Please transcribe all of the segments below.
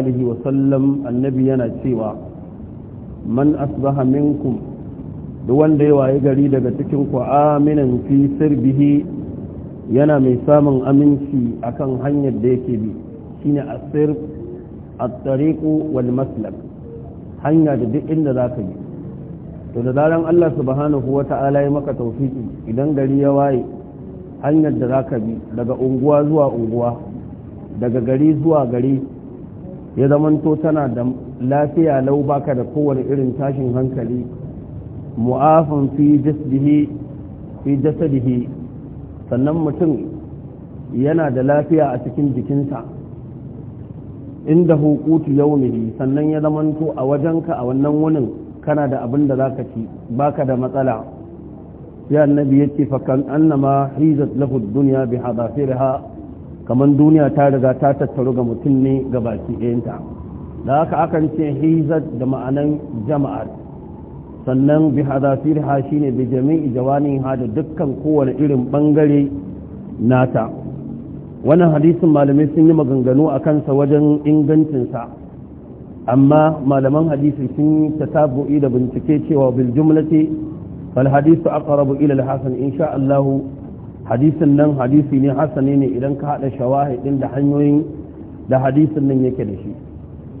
alihi wa annabi yana cewa man asbaha minkum duk wanda ya waye gari daga cikin ku aminan fi sirbihi yana mai samun aminci akan hanyar da yake bi shine asir at-tariqu wal maslak hanya da duk inda zaka yi to da zaran Allah subhanahu wata'ala ya maka tawfiki idan gari ya waye hanyar da zaka bi daga unguwa zuwa unguwa daga gari zuwa gari ya zamanto tana da lafiya lau baka da kowane irin tashin hankali mu'afin fi jasadihi sannan mutum yana da lafiya a cikin jikinsa inda hukutu yaumihi sannan ya zamanto a wajenka a wannan wunin kana da abin da za ka ci baka da matsala ya annabi yace fa kan annama hizat lahu dunya bi hadafirha kamar duniya ta riga ta tattaru ga mutum ne ga baki ɗayanta da haka akan ce hizar da ma'anan jama'ar sannan bi hadafir ha ne bi jami'i jawani ha da dukkan kowane irin bangare nata wannan hadisin malamai sun yi maganganu a kansa wajen ingancinsa amma malaman hadisi sun yi ta tasabu'i da bincike cewa bil jumlati fal hadisu aqrabu ila al hasan insha Allah hadisin nan hadisi ne hasani ne idan ka haɗa shawahidin da hanyoyin da hadisin nan yake da shi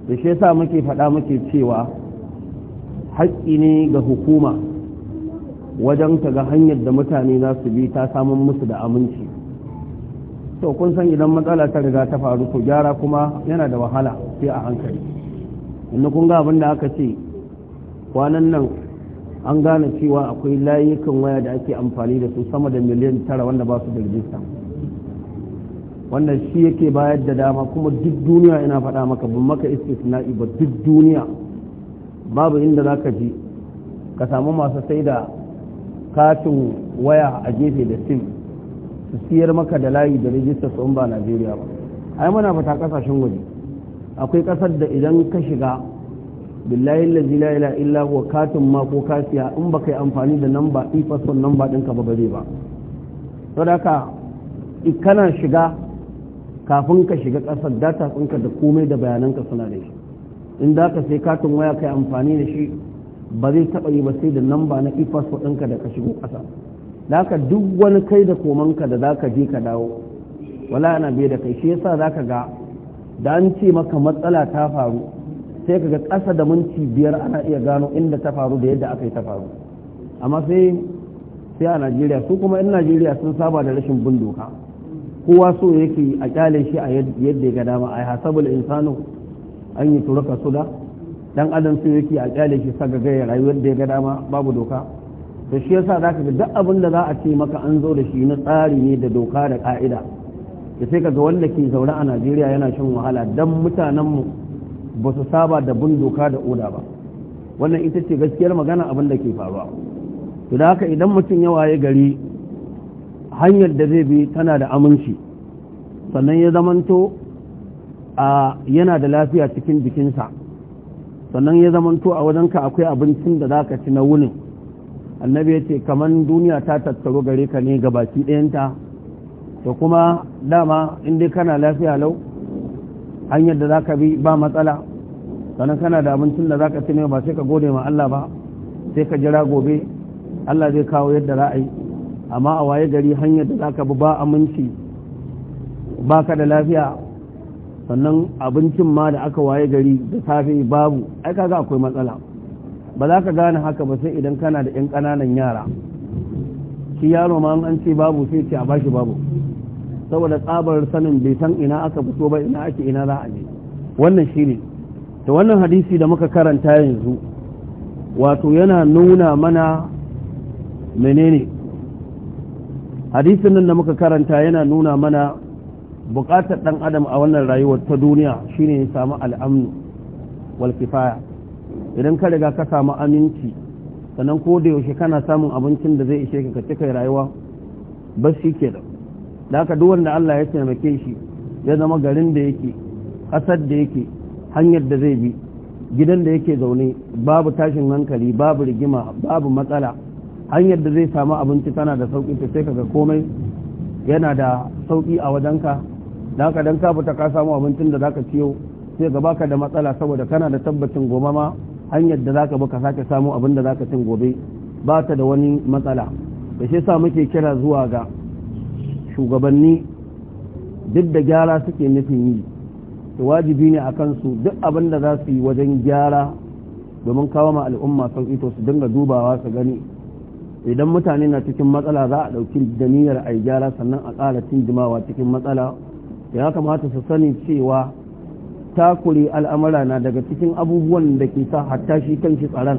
da shi yasa muke faɗa muke cewa haƙƙi ne ga hukuma wajen ta ga hanyar da mutane za su bi ta samun musu da aminci to kun san idan matsala ta riga ta faru to gyara kuma yana da wahala sai a hankali inda kun ga abin da aka ce kwanan nan an gane cewa akwai layukan waya da ake amfani da su sama da miliyan tara wanda ba su da rijista wannan shi yake bayar da dama kuma duk duniya ina faɗa maka bin maka istisna'i ba duk duniya babu inda za ka ji ka samu masu sai da katin waya a gefe da sim su siyar maka da layi da rijista su ba najeriya ba ai muna fata kasashen waje akwai kasar da idan ka shiga billahi allazi la ilaha illa huwa katin ma ko kasiya in ba yi amfani da namba ifason namba ɗinka ba bare ba da ka kana shiga kafin ka shiga ƙasar data ɗinka da komai da bayananka suna da shi in da ka sai katin waya kai amfani da shi ba zai taɓa yi ba sai da namba na ifaso ɗinka da ka shigo ƙasa da ka duk wani kai da komanka da za ka je ka dawo wala ana bai da kai shi yasa za ka ga da an ce maka matsala ta faru sai kaga ƙasa da minti biyar ana iya gano inda ta faru da yadda aka yi ta faru amma sai sai a najeriya su kuma 'yan najeriya sun saba da rashin bin doka kowa so yake a kyale shi a yadda ya ga dama a hasabul insanu an yi turaka suda dan adam so yake a kyale shi sa ya rayuwar da ya ga dama babu doka to shi yasa zaka ga duk abin da za a ce maka an zo da shi na tsari ne da doka da ka'ida da sai kaga wanda ke zaune a Najeriya yana shan wahala dan mutanen mu ba su saba da bin doka da oda ba wannan ita ce gaskiyar magana abin da ke faruwa to da haka idan mutum ya waye gari hanyar da zai bi tana da aminci sannan ya zamanto a yana da lafiya cikin jikinsa sannan ya zamanto a wajen ka akwai abincin da za ka ci na wunin annabi ya ce kamar duniya ta tattaro gare ka ne ga baki ɗayanta da kuma dama inda kana lafiya lau hanyar da za ka bi ba matsala sannan kana da abincin da zaka ci ne ba sai ka gode ma Allah ba sai ka jira gobe Allah zai kawo yadda za a yi amma a waye gari hanyar da zaka bi ba aminci ba ka da lafiya sannan abincin ma da aka waye gari da safe babu ai kaga akwai matsala ba za ka gane haka ba sai idan kana da 'yan ƙananan yara shi yaro ma an ce babu sai ce a bashi babu saboda tsabar sanin bai san ina aka fito ba ina ake ina za a je wannan shi ne da wannan hadisi da muka karanta yanzu wato yana nuna mana menene hadisin nan da muka karanta yana nuna mana buƙatar ɗan adam a wannan rayuwar ta duniya shine ya samu al'amnu wal kifaya idan ka riga ka samu aminci sannan ko da yaushe kana samun abincin da zai ishe ka ka cika rayuwa ba shi ke da da haka duk wanda Allah ya taimake shi ya zama garin da yake ƙasar da yake hanyar da zai bi gidan da yake zaune babu tashin hankali babu rigima babu matsala hanyar da zai samu abinci tana da sauƙi ta sai kaga komai yana da sauƙi a wajenka da haka dan ka ta ka samu abincin da zaka ciyo sai ga baka da matsala saboda kana da tabbacin gobe ma hanyar da zaka baka sake samu abin da zaka cin gobe ba ta da wani matsala da shi sa muke kira zuwa ga shugabanni duk da gyara suke nufin yi wajibi ne a kansu duk abin da za su yi wajen gyara domin kawo ma al'umma sauƙi to su dinga dubawa su gani idan mutane na cikin matsala za a ɗauki da niyyar a gyara sannan a ƙara jimawa cikin matsala ya kamata su sani cewa takure al'amura na daga cikin abubuwan da ke sa hatta shi kan shi tsaron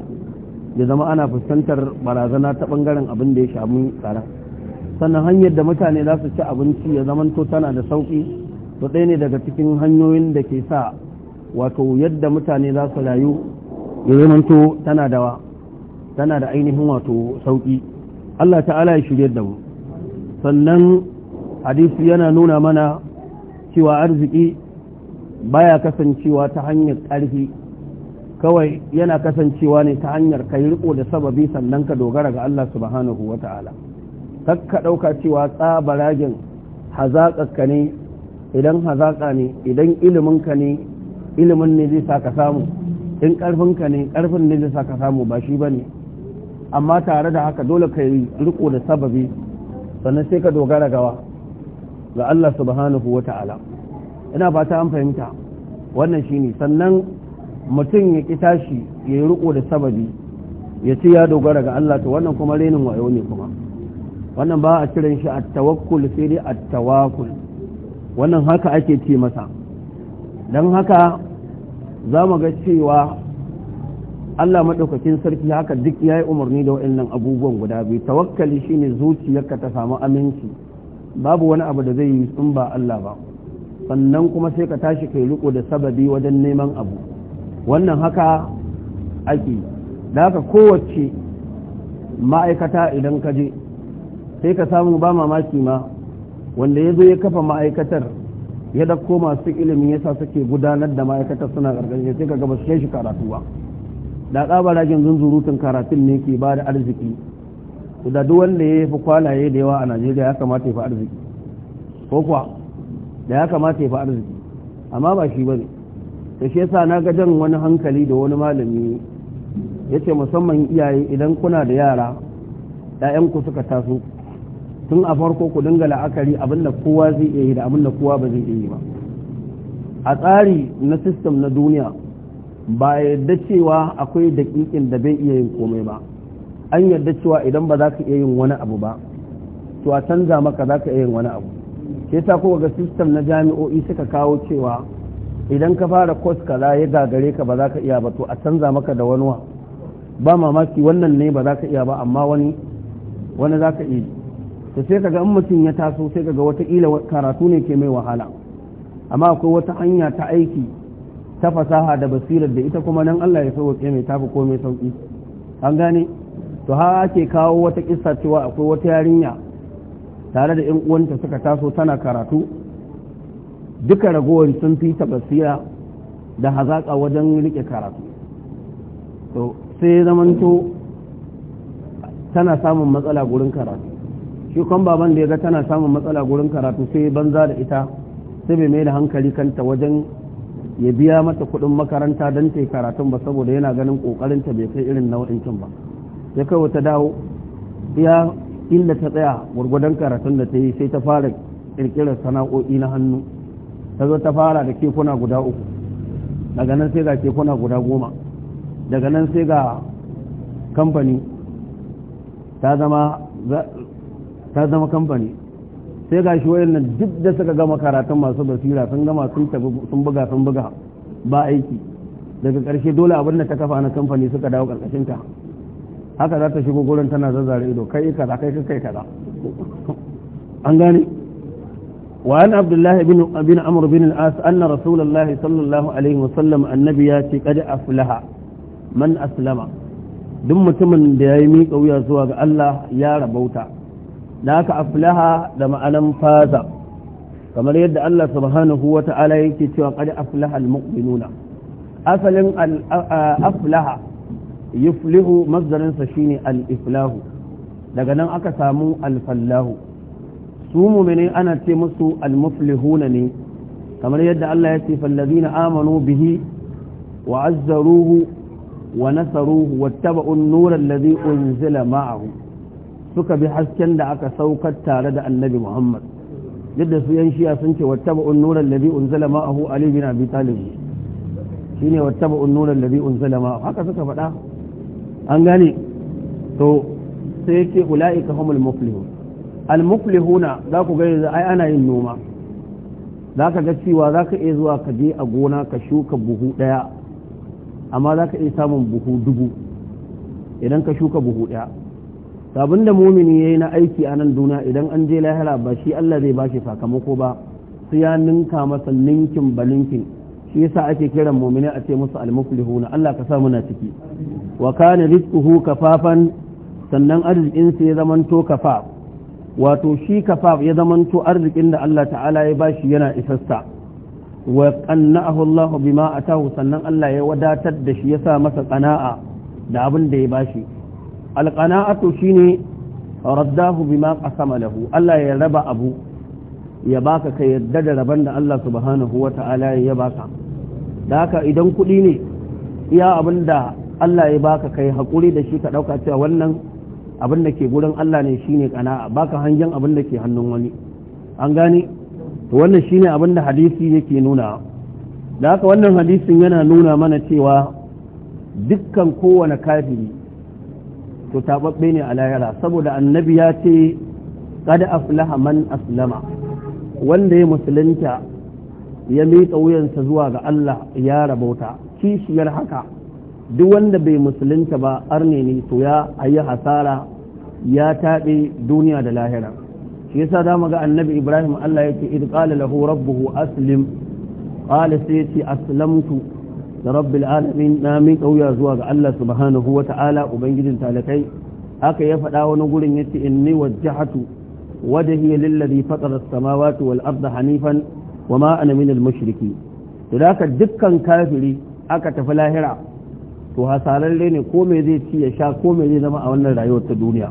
ya zama ana fuskantar barazana ta bangaren abin da ya shamu tsaron sannan hanyar da mutane za su ci abinci ya zamanto tana da sauƙi to ɗaya ne daga cikin hanyoyin da ke sa wato yadda mutane za su rayu ya zamanto tana da tana da ainihin wato sauƙi Allah ta'ala ya shirye da mu sannan hadisi yana nuna mana cewa arziki baya kasancewa ta hanyar ƙarfi kawai yana kasancewa ne ta hanyar kai riko da sababi sannan ka dogara ga Allah subhanahu wa ta'ala kakka ɗauka cewa tsabaragen hazaƙaƙka ne idan hazaƙa ne idan iliminka ne ilimin ne zai sa ka samu in ƙarfinka ne ƙarfin ne zai sa ka samu ba shi ba amma tare da haka dole ka yi riko da sababi sannan sai ka dogara gawa ga Allah subhanahu wa ta'ala ina ba ta an fahimta wannan ne sannan mutum ya ƙi tashi ya yi riko da sababi ya ci ya dogara ga Allah to wannan kuma renin wayo ne kuma wannan ba a kiran shi a tawakkul sai dai a tawakkul wannan haka ake ce masa don haka za mu ga cewa Allah maɗaukakin sarki haka duk ya yi umarni da waɗannan abubuwan guda biyu tawakkali shine zuciyarka ta samu aminci babu wani abu da zai yi in ba Allah ba sannan kuma sai ka tashi kai riko da sababi wajen neman abu wannan haka ake da haka kowace ma'aikata idan ka je sai ka samu ba mamaki ma wanda ya zo ya kafa ma'aikatar ya dauko masu ilimin yasa suke gudanar da ma'aikatar suna ƙarƙashin sai kaga ba su kai shi karatu ba da tsabaragen zunzurutun karatun ne ke ba da arziki da duk wanda ya fi kwalaye da yawa a najeriya ya kamata ya fi arziki ko kuwa da ya kamata ya fi arziki amma ba shi ba ne da shi yasa na ga jan wani hankali da wani malami ya ce musamman iyaye idan kuna da yara 'ya'yanku suka taso tun a farko ku dinga la'akari abinda kowa zai iya yi da abinda kowa ba zai iya yi ba a tsari na sistem na duniya ba yadda cewa akwai daƙiƙin da bai iya yin komai ba an yadda cewa idan ba za ka iya yin wani abu ba to a canza maka za ka iya yin wani abu ke sa ko ga sistem na jami'o'i suka kawo cewa idan ka fara kwas kaza ya gagare ka ba za ka iya ba to a canza maka da wani wa ba mamaki wannan ne ba za ka iya ba amma wani wani za ka iya ta sai kaga in mutum ya taso sai kaga wataƙila karatu ne ke mai wahala amma akwai wata hanya ta aiki ta fasaha da basirar da ita kuma nan Allah ya sauke mai tafi ko mai sauki an gane to ha ake kawo wata kissa cewa akwai wata yarinya tare da 'yan uwanta suka taso tana karatu duka ragowar sun fi ta basira da hazaka wajen rike karatu to sai zamanto tana samun matsala gurin karatu shi kan baban da ya ga tana samun matsala gurin karatu sai banza da ita sai bai mai da hankali kanta wajen ya biya mata kuɗin makaranta don ta yi karatun ba saboda yana ganin ƙoƙarinta bai kai irin nau'incin ba ya kai wata dawo ya inda ta tsaya gwargwadon karatun da ta yi sai ta fara ƙirƙirar sana'o'i na hannu ta zo ta fara da kekuna guda uku daga nan sai ga kekuna guda goma daga nan sai ga kamfani ta zama ta zama kamfani sai ga shi nan duk da suka gama karatun masu basira sun gama sun tafi sun buga sun buga ba aiki daga ƙarshe dole abin da ta kafa na kamfani suka dawo ƙarƙashin ta haka za ta shigo gurin tana zazzare ido kai za kai kai kaza an gane وعن عبد الله بن بن عمرو بن العاص ان رسول الله صلى الله عليه annabi ya ياتي qad aflaha man aslama duk mutumin da yayi miƙa wuya zuwa ga Allah ya rabauta naka haka aflaha da ma'anan faza kamar yadda Allah subhanahu wa ta'ala yake cewa qad aflaha almu'minuna asalin aflaha yuflihu masdarin sa shine al-iflahu daga nan aka samu al-fallahu su mu'mini ana ce musu al-muflihuna ne kamar yadda Allah ya ce fallazina amanu bihi wa azzaruhu wa nasaruhu wattaba'u an-nura alladhi unzila ma'ahu suka bi hasken da aka saukar tare da annabi muhammad yadda su yan shiya sun ce wattaba unnuran ladhi unzila ma'ahu ali bin abi talib shine wattaba unnuran ladhi unzila ma'ahu haka suka faɗa an gane to sai yake ulaika humul muflihun al na za ku ga yanzu ai ana yin noma za ka ga cewa za ka iya zuwa ka je a gona ka shuka buhu ɗaya amma za ka iya samun buhu dubu idan ka shuka buhu ɗaya abin da mumini ya yi na aiki a nan duna idan an je lahira ba shi Allah zai ba shi sakamako ba su ya ninka masa ninkin balinkin shi yasa ake kiran mumini a ce musu almuflihuna Allah ka sa muna ciki wa kana rizquhu kafafan sannan arzikin sa ya zamanto kafa wato shi kafaf ya zamanto arzikin da Allah ta'ala ya bashi yana isassa wa qanna'ahu Allah bima atahu sannan Allah ya wadatar da shi yasa masa qana'a da abin da ya bashi alƙana'atu ne raddahu bima qasama lahu Allah ya raba abu ya baka ka yadda da raban da Allah subhanahu wa ta'ala ya baka da haka idan kuɗi ne iya abin da Allah ya baka kai haƙuri da shi ka ɗauka cewa wannan abin da ke gurin Allah ne shi ne ƙana'a baka hangen abin da ke hannun wani an gane to wannan ne abin da hadisi yake nuna da haka wannan hadisin yana nuna mana cewa dukkan kowane kafiri to taɓaɓɓe ne a layara saboda annabi ya ce kada aflaha man aslama wanda ya musulunta ya miƙa wuyansa zuwa ga Allah ya rabauta kishiyar haka duk wanda bai musulunta ba arne ne to ya ayi hasara ya taɓe duniya da lahira shi yasa da ga annabi ibrahim Allah ya ce idh qala lahu rabbuhu aslim qala sai ce aslamtu da rabbil alamin na mi kauya zuwa ga Allah subhanahu wa ta'ala ubangijin talakai haka ya faɗa wani gurin yace inni wajjahatu wajhi lillazi fatara as-samawati wal arda hanifan wama ana min al-mushriki to ka dukkan kafiri aka tafi lahira to hasararre ne ko me zai ci ya sha ko me zai zama a wannan rayuwar ta duniya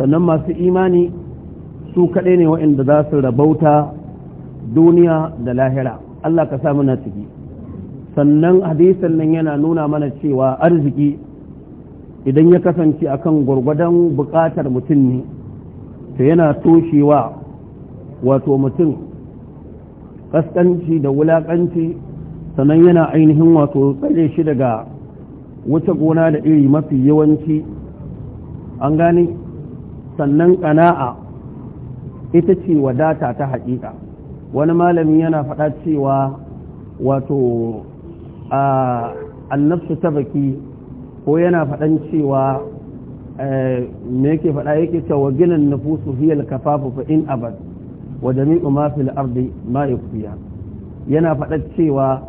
sannan masu imani su kaɗai ne waɗanda za su rabauta duniya da lahira Allah ka sa muna ciki sannan hadisin nan yana nuna mana cewa arziki idan ya kasance akan gwargwadon buƙatar mutum ne to yana toshewa wato mutum kaskanci da wulaƙanci sannan yana ainihin wato tsare shi daga wuce gona da iri mafi yawanci an gane sannan ƙana'a ita ce wadata ta haƙiƙa wani malami yana faɗa cewa wato annabsu baki ko yana faɗan cewa eh, me yake faɗa yake cewa ginin nufusu hiyal kafafu fa in abad wa jami'u ma fil ardi ma yakfiya yana faɗa cewa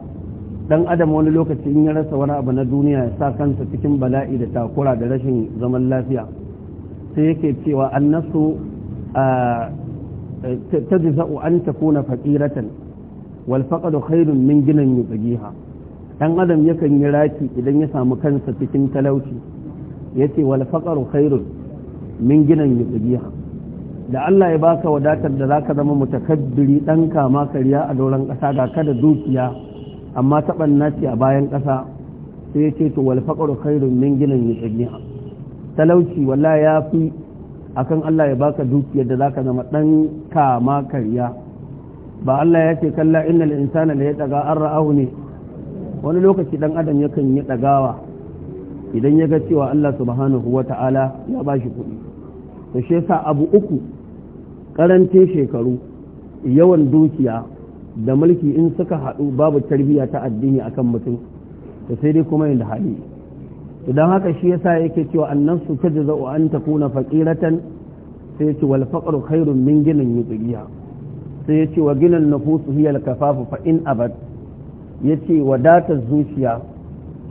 dan adam wani lokaci in ya rasa wani abu na duniya ya sa kansa cikin bala'i da takura da rashin zaman lafiya sai yake cewa annasu tajza'u an takuna faqiratan wal faqadu khairun min ginan yubghiha ɗan adam yakan yi raki idan ya samu kansa cikin talauci ya ce wal faqaru khairun min ginan yubiya da Allah ya baka wadatar da zaka zama mutakabbiri ɗan kama kariya a doron kasa da kada dukiya amma taban naci a bayan ƙasa sai ya ce to wal faqaru khairun min ginan yubiya talauci wallahi ya fi akan Allah ya baka dukiyar da zaka zama ɗan kama kariya ba Allah ya ce kalla innal insana la yataga daga ra'ahu wani lokaci dan adam yakan yi ɗagawa idan ya ga cewa Allah subhanahu wa ta'ala ya ba shi kuɗi to shi yasa abu uku ƙarancin shekaru yawan dukiya da mulki in suka haɗu babu tarbiyya ta addini akan mutum to sai dai kuma yanda hali idan haka shi yasa yake cewa annasu tajza'u an takuna faqiratan sai yace wal faqru khairun min ginin yutiya sai yace wa ginan nufusu hiya al kafafu fa in abad ya ce wadatar zuciya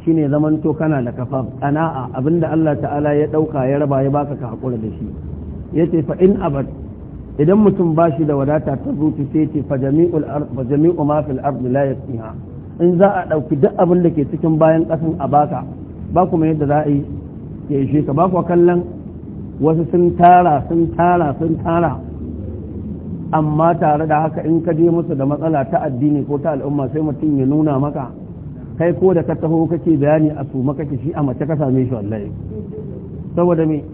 shine zamanto kana da kafa ƙana'a abinda Allah ta'ala ya ɗauka ya raba ya baka ka haƙura da shi ya ce fa in abad idan mutum ba shi da wadata ta zuci sai ce fa jami'u ma fil ardi la yakfiha in za a ɗauki duk abin da ke cikin bayan ƙasan a baka ba kuma yadda za a yi ya ishe ka ba kuwa kallon wasu sun tara sun tara sun tara amma tare da haka in ka je musu da matsala ta addini ko ta al'umma sai mutum ya nuna maka kai ko da ka taho kake bayani a su maka shi a mace ka same shi wallahi saboda me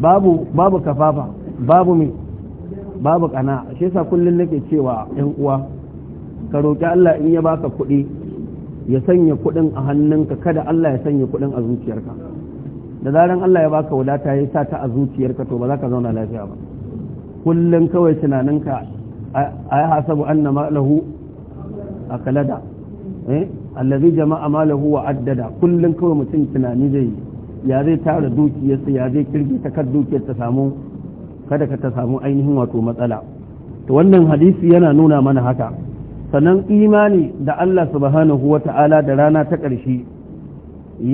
babu babu kafafa babu me babu kana shi yasa kullun nake cewa yan uwa ka roki Allah in ya baka kuɗi ya sanya kuɗin a hannunka kada Allah ya sanya kuɗin a zuciyarka da zaran Allah ya baka wadata ya sa ta a zuciyarka to ba za ka zauna lafiya ba kullum kawai tunaninka a yi hasabu an na malahu a kalada eh? allazi jama'a malahu wa addada kullum kawai mutum tunani zai ya zai tara dukiyarsa ya zai kirgi ta kar dukiyar samu kada ka ta samu ainihin wato matsala to wannan hadisi yana nuna mana haka sannan imani da Allah subhanahu wa ta'ala da rana ta ƙarshe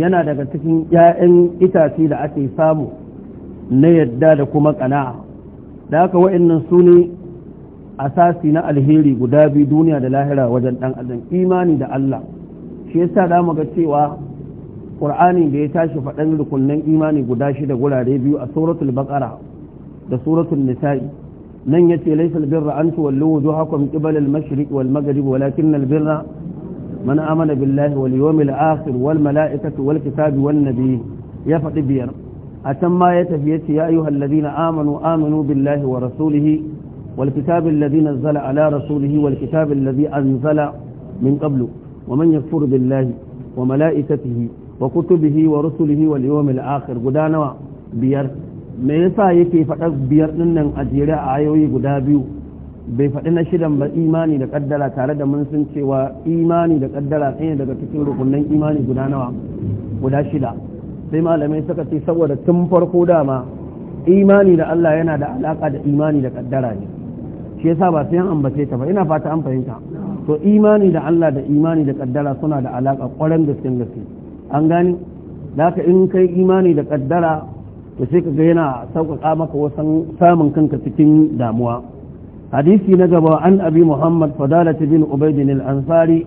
yana daga cikin ‘ya'yan itace da ake samu na yadda da kuma ƙana'a da haka wa'annan su ne asasi na alheri guda biyu duniya da lahira wajen dan adam imani da Allah shi yasa da mu ga cewa Qur'ani da ya tashi faɗan rukunnan imani guda shida gurare biyu a suratul baqara da suratul nisa'i nan yace laysal birra an tuwallu wujuhakum qibala al-mashriq walakin al-birra man amana billahi wal yawmil akhir wal mala'ikati wal kitabi wan nabiyyi ya faɗi biyar a can ma ya tafi yace ya ayyuhal ladina amanu aminu billahi wa rasulihi wal kitabil ladhi zala ala rasulihi wal kitabil ladhi anzala min qablu wa man yakfur billahi wa malaikatihi wa kutubihi wa rusulihi wal yawmil akhir guda nawa biyar me yasa yake faɗa biyar din nan a jere a ayoyi guda biyu bai faɗi na shidan ba imani da kaddara tare da mun sun cewa imani da kaddara ɗaya daga cikin rukunin imani guda nawa guda shida sai malamai suka ce saboda tun farko dama imani da Allah yana da alaka da imani da kaddara ne shi yasa ba sai an ambace ta ba ina fata an fahimta to imani da Allah da imani da kaddara suna da alaka da gaske gaske an gani da in kai imani da kaddara to sai ka ga yana sauƙaƙa maka wasan samun kanka cikin damuwa hadisi na gaba an abi muhammad fadalati bin ubaidin al-ansari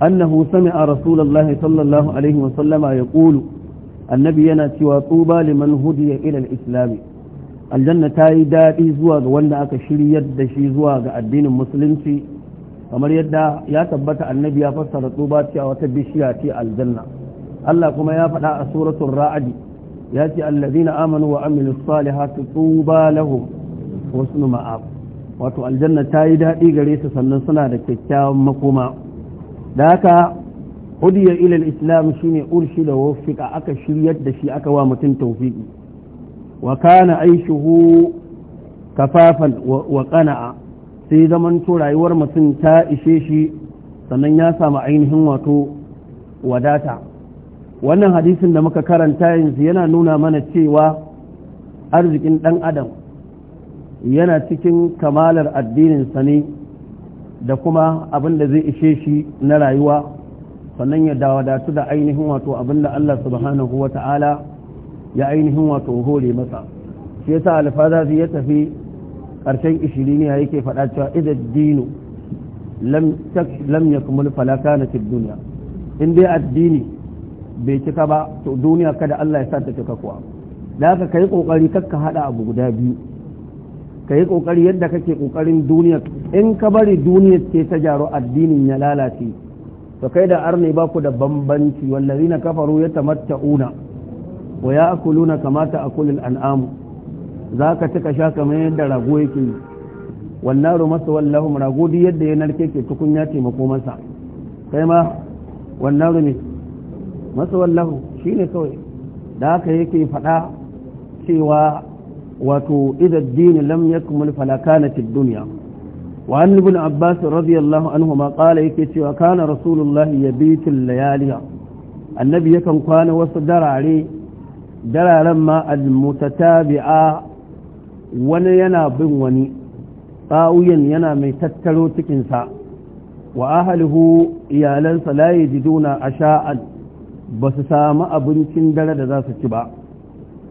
annahu sami'a rasulullahi sallallahu alaihi wasallama ya yaqulu annabi yana cewa tsuba liman hudiya ya al-islam aljanna ta yi daɗi zuwa ga wanda aka shiryar da shi zuwa ga addinin musulunci kamar yadda ya tabbata annabi ya fassara tsuba cewa wata bishiya ce aljanna Allah kuma ya faɗa a suratun ra'adi ya ce allazina amanu wa amilus salihati tsuba lahum husnu ma'ab wato aljanna ta yi daɗi gare su sannan suna da kyakkyawan makoma da haka hudiya ila islam shine urshi da wafiqa aka shiryar da shi aka wa mutum tawfiqi wa kana aishuhu kafafan wa sai zaman rayuwar mutum ta ishe shi sannan ya samu ainihin wato wadata wannan hadisin da muka karanta yanzu yana nuna mana cewa arzikin ɗan adam yana cikin kamalar addininsa ne da kuma abin da zai ishe shi na rayuwa sannan ya dawadatu da ainihin wato abinda Allah subhanahu wa ta'ala ya ainihin wato hore masa shi yasa alfazazi ya tafi ƙarshen ishiriniya yake faɗa cewa idan dinu lam ya kuma falaka na duniya in dai addini bai cika ba to duniya kada Allah ya sa ta cika kuwa da haka ka yi ƙoƙari kakka haɗa abu guda biyu ka yi ƙoƙari yadda kake ƙoƙarin duniya in ka bari duniyar ce ta jaro addinin ya lalace to kai da arne ba ku da bambanci na kafaru una wa a kama ta'kulul an'am zaka cika sha kamar yadda rago yake yi wannaru masu wallahum rago duk yadda ya narke ke tukunya taimako masa kai ma wannaru ne masu wallahu shine kawai da haka yake faɗa cewa wato idan dini lam yakmul falakanatid fid dunya وعن ابن عباس رضي الله عنهما قال يكيتي وكان رسول الله يبيت الليالي النبي يكن كان وصدر عليه درى لما المتتابعة wani yana bin wani tsawuyin yana mai tattaro cikinsa wa ahalihu iyalansa laye jiduna a sha'ad ba su samu abincin dare da za su ci ba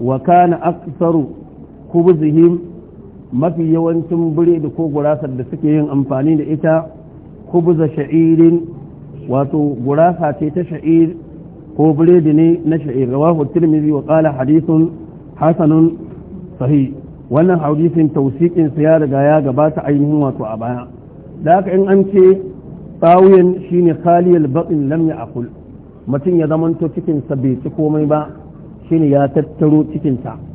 wa aksaru kubuzihim mafi yawancin biredi ko gurasar da suke yin amfani da ita kubuza sha'irin wato gurasa ce ta sha'ir ko biredi ne na sha'ir rawahu tirmidhi wa qala hadithun hasanun sahi wannan hadisin tausikin sa ya riga ya gabata ainihin wato a baya da haka in an ce tsawiyan shine khaliyal baqin lam ya'kul mutum ya zamanto cikinsa bai ci komai ba shine ya tattaro cikinsa.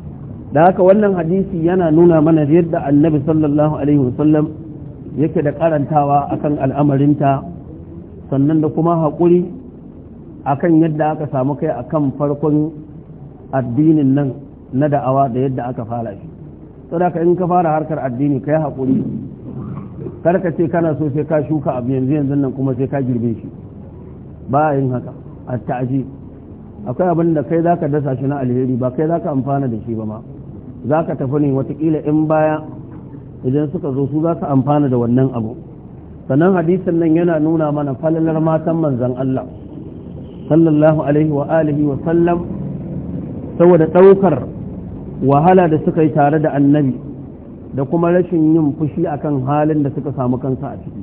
da haka wannan hadisi yana nuna mana yadda annabi sallallahu alaihi wasallam yake da karantawa akan al'amarinta sannan da kuma haƙuri akan yadda aka samu kai akan farkon addinin nan na da'awa da yadda aka fara shi saboda in ka fara harkar addini kai haƙuri karka ce kana so sai ka shuka abu yanzu yanzu nan kuma sai ka girbe shi ba yin haka a ta'aji akwai abin da kai zaka dasa shi na alheri ba kai zaka amfana da shi ba ma za ka tafi ne watakila in baya idan suka zo su za su amfana da wannan abu sannan hadisin nan yana nuna mana falalar matan manzan Allah sallallahu alaihi wa alihi wa sallam saboda ɗaukar wahala da suka yi tare da annabi da kuma rashin yin fushi akan halin da suka samu kansa a ciki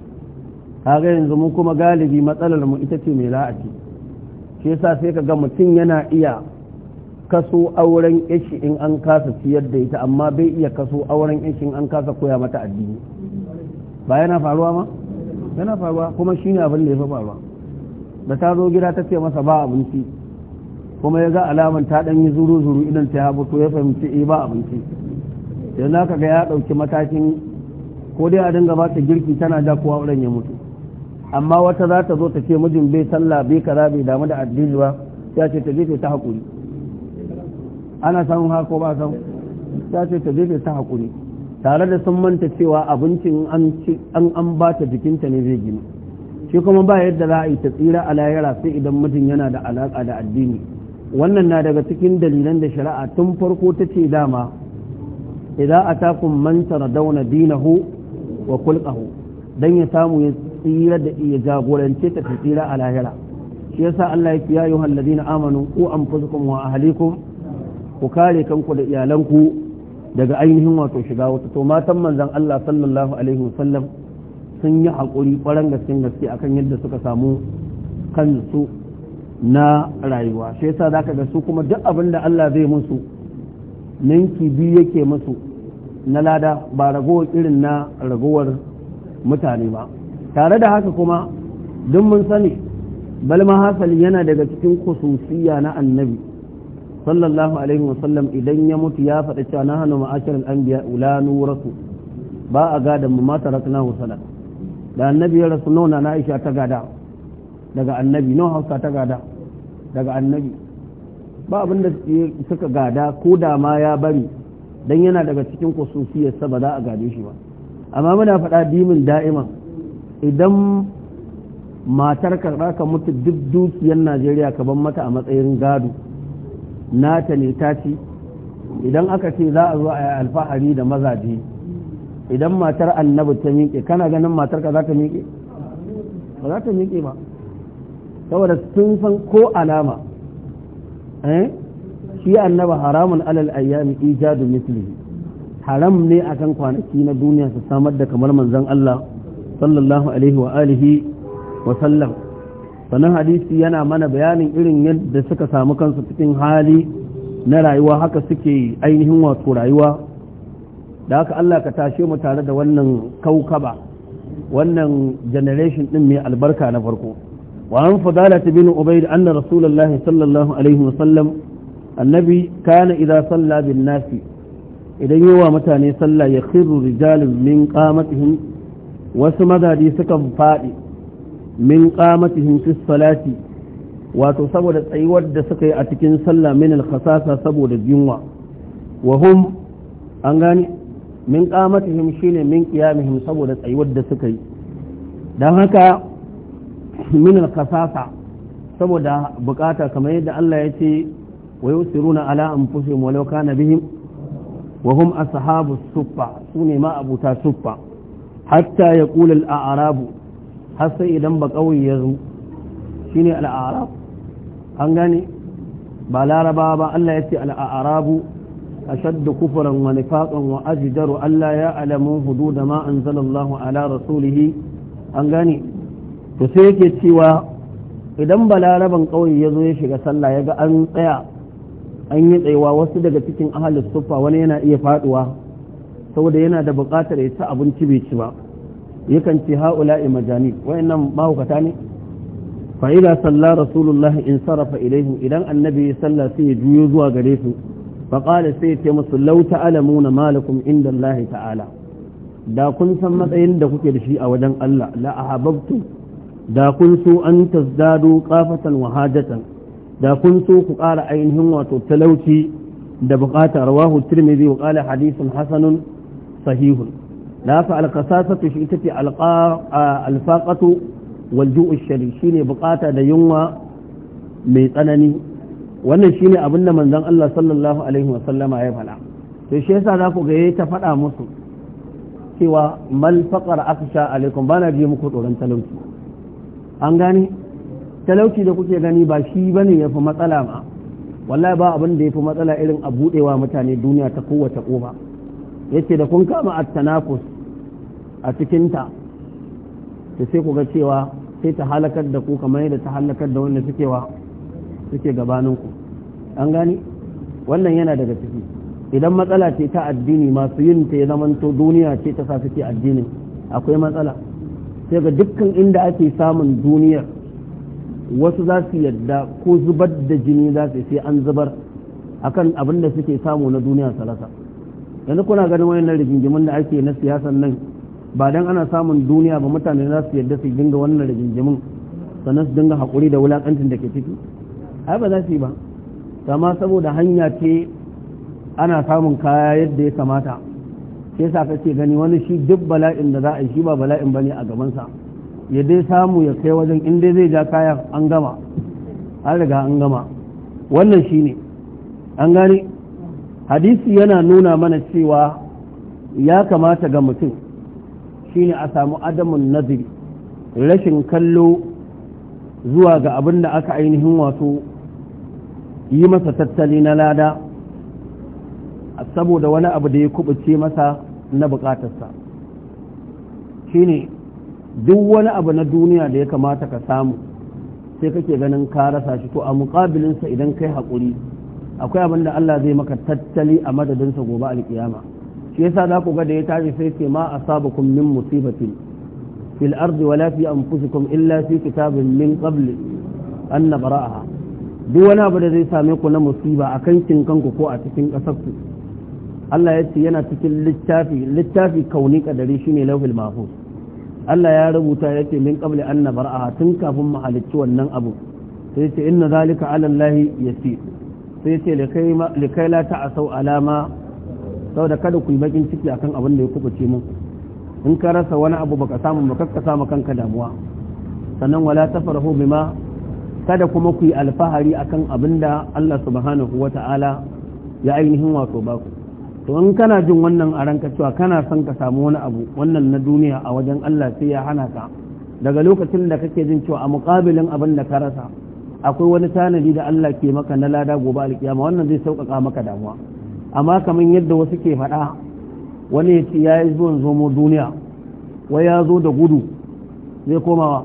kaga yanzu mu kuma galibi matsalar mu ita ce mai la'aci shi yasa sai ka ga mutum yana iya kaso auren ishi in an kasa ciyar da ita amma bai iya kaso auren ishi in an kasa koya mata addini ba yana faruwa ma yana faruwa kuma shine abin da ya fi faruwa da ta zo gida ta ce masa ba abinci kuma ya ga alaman ta ɗan yi zuru-zuru idan ta haɓu to ya fahimci eh ba abinci yanzu aka ga ya ɗauki matakin ko dai a dinga ba ta girki tana da kowa wurin ya mutu amma wata za ta zo ta ce mijin bai sallah bai kaza bai damu da addini ba ya ce ta je ta haƙuri ana samun haka ko ba samu ta ce ta jefe ta haƙuri tare da sun manta cewa abincin an an ba ta jikinta ne zai gina shi kuma ba yadda za a yi ta tsira a layara sai idan mutum yana da alaƙa da addini wannan na daga cikin dalilan da shari'a tun farko ta ce dama idan a takun manta na dauna dinahu wa kulƙahu Dan ya samu ya tsira da iya jagorance ta tsira a lahira shi yasa Allah ya fi yayi amanu ku anfusukum wa ahlikum ku kare kanku da iyalanku daga ainihin wato shiga wata to matan manzon Allah sallallahu alaihi wasallam sun yi haƙuri ƙwarar gaske gaske akan yadda suka samu kansu na rayuwa shi yasa zaka ga su kuma duk abin da Allah zai musu ninki biyu yake musu na lada ba ragowar irin na ragowar mutane ba tare da haka kuma duk mun sani balma hasali yana daga cikin kususiya na annabi sallallahu alaihi wasallam idan ya mutu ya faɗa cewa na hana ma'ashar al'anbiya ula nurasu ba a gada mu mata rakna husala da annabi ya rasu nuna na aisha ta gada daga annabi nawa hausa ta gada daga annabi ba abin da suka gada ko da ma ya bari dan yana daga cikin kususiyarsa ba za a gade shi ba amma muna faɗa dimin da'ima idan matar ka mutu duk dukiyar najeriya ka ban mata a matsayin gado nata ne ta ci idan aka ce za a zo a yi alfahari da mazaje idan matar annabi ta miƙe kana ganin matar ka za ta miƙe ba za ta miƙe ba saboda sun san ko alama eh? shi annaba haramun alal ayyami ijadu mislihi haram ne akan kwanaki na duniya su samar da kamar manzon Allah sallallahu alaihi wa alihi wa sallam sannan hadisi yana mana bayanin irin yadda suka samu kansu cikin hali na rayuwa haka suke ainihin wato rayuwa da haka Allah ka tashe mu tare da wannan kaukaba wannan generation din mai albarka na farko wa an fadalata bin ubayd anna rasulullah sallallahu alaihi wasallam annabi kana idza salla bin nasi idan yawa mutane sallah ya khirru rijalun min qamatihim wasu madadi sukan fadi min qamatihim fi salati wato saboda tsayuwar da suka yi a cikin sallah min al-khasasa saboda jinwa wa hum an gani min qamatihim shine min qiyamihim saboda tsayuwar da suka yi dan haka min al-khasasa saboda bukata kamar yadda Allah ya ce wa yusiruna ala anfusihim walau kana bihim wa hum ashabus suffa sune ma abuta suffa hatta yaqul al-a'rabu har sai idan ba ƙauye ya zo shi ne al'arab an gane ba laraba ba Allah ya ce al'arabu a wani faɗin wa nifaqan Allah ya alla hudu da ma anzalallahu ala rasulihi an gane to sai yake cewa idan ba laraban ƙauye ya zo ya shiga sallah ya ga an tsaya an yi tsayawa wasu daga cikin ahalin suffa wani yana iya faɗuwa saboda yana da buƙatar ya ci abinci bai ci ba yakan ce ha'ula'i majani wayannan mahaukata ne fa idza salla rasulullahi in sarafa ilaihim idan annabi ya salla sai ya juyo zuwa gare su fa qala sai ya ce musu law ta'lamuna malakum inda Allah ta'ala da kun san matsayin da kuke da shi a wajen Allah la ahabbtu da kun so an tazdadu qafatan wa hajatan da kun so ku ƙara ainihin wato talauci da bukata rawahu tirmidhi wa qala hadithun hasanun sahihun da haka alkasasatu shi ita ce alfaƙatu walju'u shari ne bukata da yunwa mai tsanani wannan shi ne abinda manzon Allah sallallahu alaihi wa sallama ya faɗa to shi yasa za ku ga yayi ta faɗa musu cewa mal faqar akhsha alaikum bana ji muku tsoron talauci an gane talauci da kuke gani ba shi bane yafi matsala ma wallahi ba abin da fi matsala irin a buɗewa mutane duniya ta kowace ƙofa yace da kun kama at-tanafus a cikinta ta sai ku ga cewa sai ta halakar da ku kamar yadda ta halakar da wanda suke wa suke gabaninku an gani wannan yana daga ciki idan matsala ce ta addini masu yin ta ya zamanto duniya ce ta sa suke addinin akwai matsala sai ga dukkan inda ake samun duniyar wasu za su yadda ko zubar da jini za su sai an zubar akan abin da suke samu na duniya salasa yanzu kuna ganin wayannan rigingimin da ake na siyasan nan ba dan ana samun duniya ba mutane za su yadda su dinga wannan rigingimin sannan su dinga haƙuri da wulaƙancin da ke ciki ai ba za su yi ba kama saboda hanya ce ana samun kaya yadda ya kamata sai sa kake gani wani shi duk bala'in da za a yi shi ba bala'in bane a gabansa ya dai samu ya kai wajen in dai zai ja kayan an gama an riga an gama wannan shine an gane hadisi yana nuna mana cewa ya kamata ga mutum shine a samu adamun naziri rashin kallo zuwa ga abin da aka ainihin wato yi masa tattali na lada saboda wani abu da ya kubuce masa na bukatarsa shine duk wani abu na duniya da ya kamata ka samu sai kake ganin ka rasa shi to a muƙabilinsa idan kai haƙuri akwai abin da Allah zai maka tattali a madadinsa gobe alƙiyama shi yasa za ku ga da ya tashi sai ce ma asabakum min musibatin fil ardi wala fi anfusikum illa fi kitabin min qabl an bara'a. duk wani abu da zai same ku na musiba a kankin kanku ko a cikin ƙasar ku Allah ya ce yana cikin littafi littafi kauni kadari shine lawhil mahfuz Allah ya rubuta ya ce min kabli an bara'a tun kafin mu halicci wannan abu sai ce inna zalika ala Allah yasir sai ce likai la ta'asau alama saboda kada ku yi bakin ciki akan abin da ya kubuce mun in ka rasa wani abu baka samu ba ka samu kanka damuwa sannan wala tafarahu bima kada kuma ku yi alfahari akan abin da Allah subhanahu ta'ala ya ainihin wato ba ku to in kana jin wannan a ranka cewa kana son ka samu wani abu wannan na duniya a wajen Allah sai ya hana ka daga lokacin da kake jin cewa a mukabilin abin da ka rasa akwai wani tanadi da Allah ke maka na lada gobe alkiyama wannan zai sauƙaƙa maka damuwa amma kamar yadda wasu ke faɗa wani ya ce ya yi zuwan zomo duniya wai ya zo da gudu zai komawa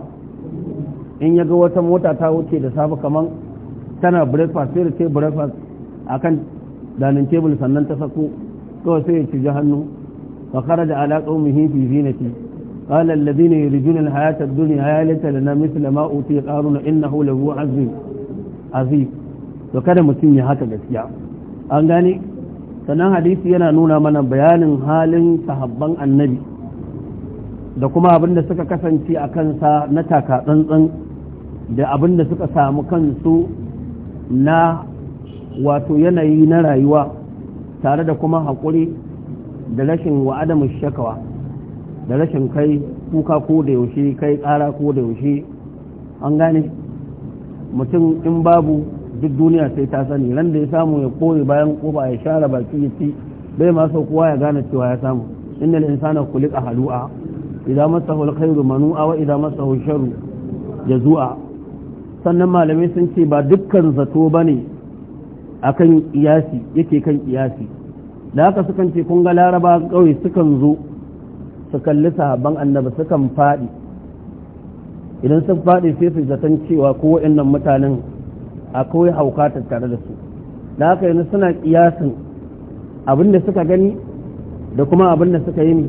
in ya ga wata mota ta wuce da safe kamar tana breakfast sai da ce breakfast a kan danin tebul sannan ta sako kawai sai ya ci hannu da kharaja ala qaumihi fi zinati قال الذين يريدون الحياة الدنيا يا ليت لنا مثل ما أوتي قارون إنه لهو عزيز kada mutum ya haka gaskiya an gane sannan hadisi yana nuna mana bayanin halin sahabban annabi da kuma abin da suka kasance a kansa na taka tsantsan da abin da suka samu kansu na wato yanayi na rayuwa tare da kuma haƙuri da rashin wa'adamin shakawa da rashin kai kuka ko da yaushe kai ƙara ko da yaushe an gane mutum in babu duk duniya sai ta sani ran da ya samu ya koyi bayan kofa ya share baki ya ci bai ma sau kowa ya gane cewa ya samu innal insana a halu'a idan massahu alkhairu manu'a wa idza sharu ya jazua sannan malamai sun ce ba dukkan zato bane akan kiyasi yake kan kiyasi da haka sukan ce kun ga laraba kawai sukan zo su kalli sahabban annabi sukan faɗi idan sun faɗi sai su zaton cewa ko waɗannan mutanen akwai hauka tattare da su da haka yanzu suna kiyasin abin da suka gani da kuma abin da suka yi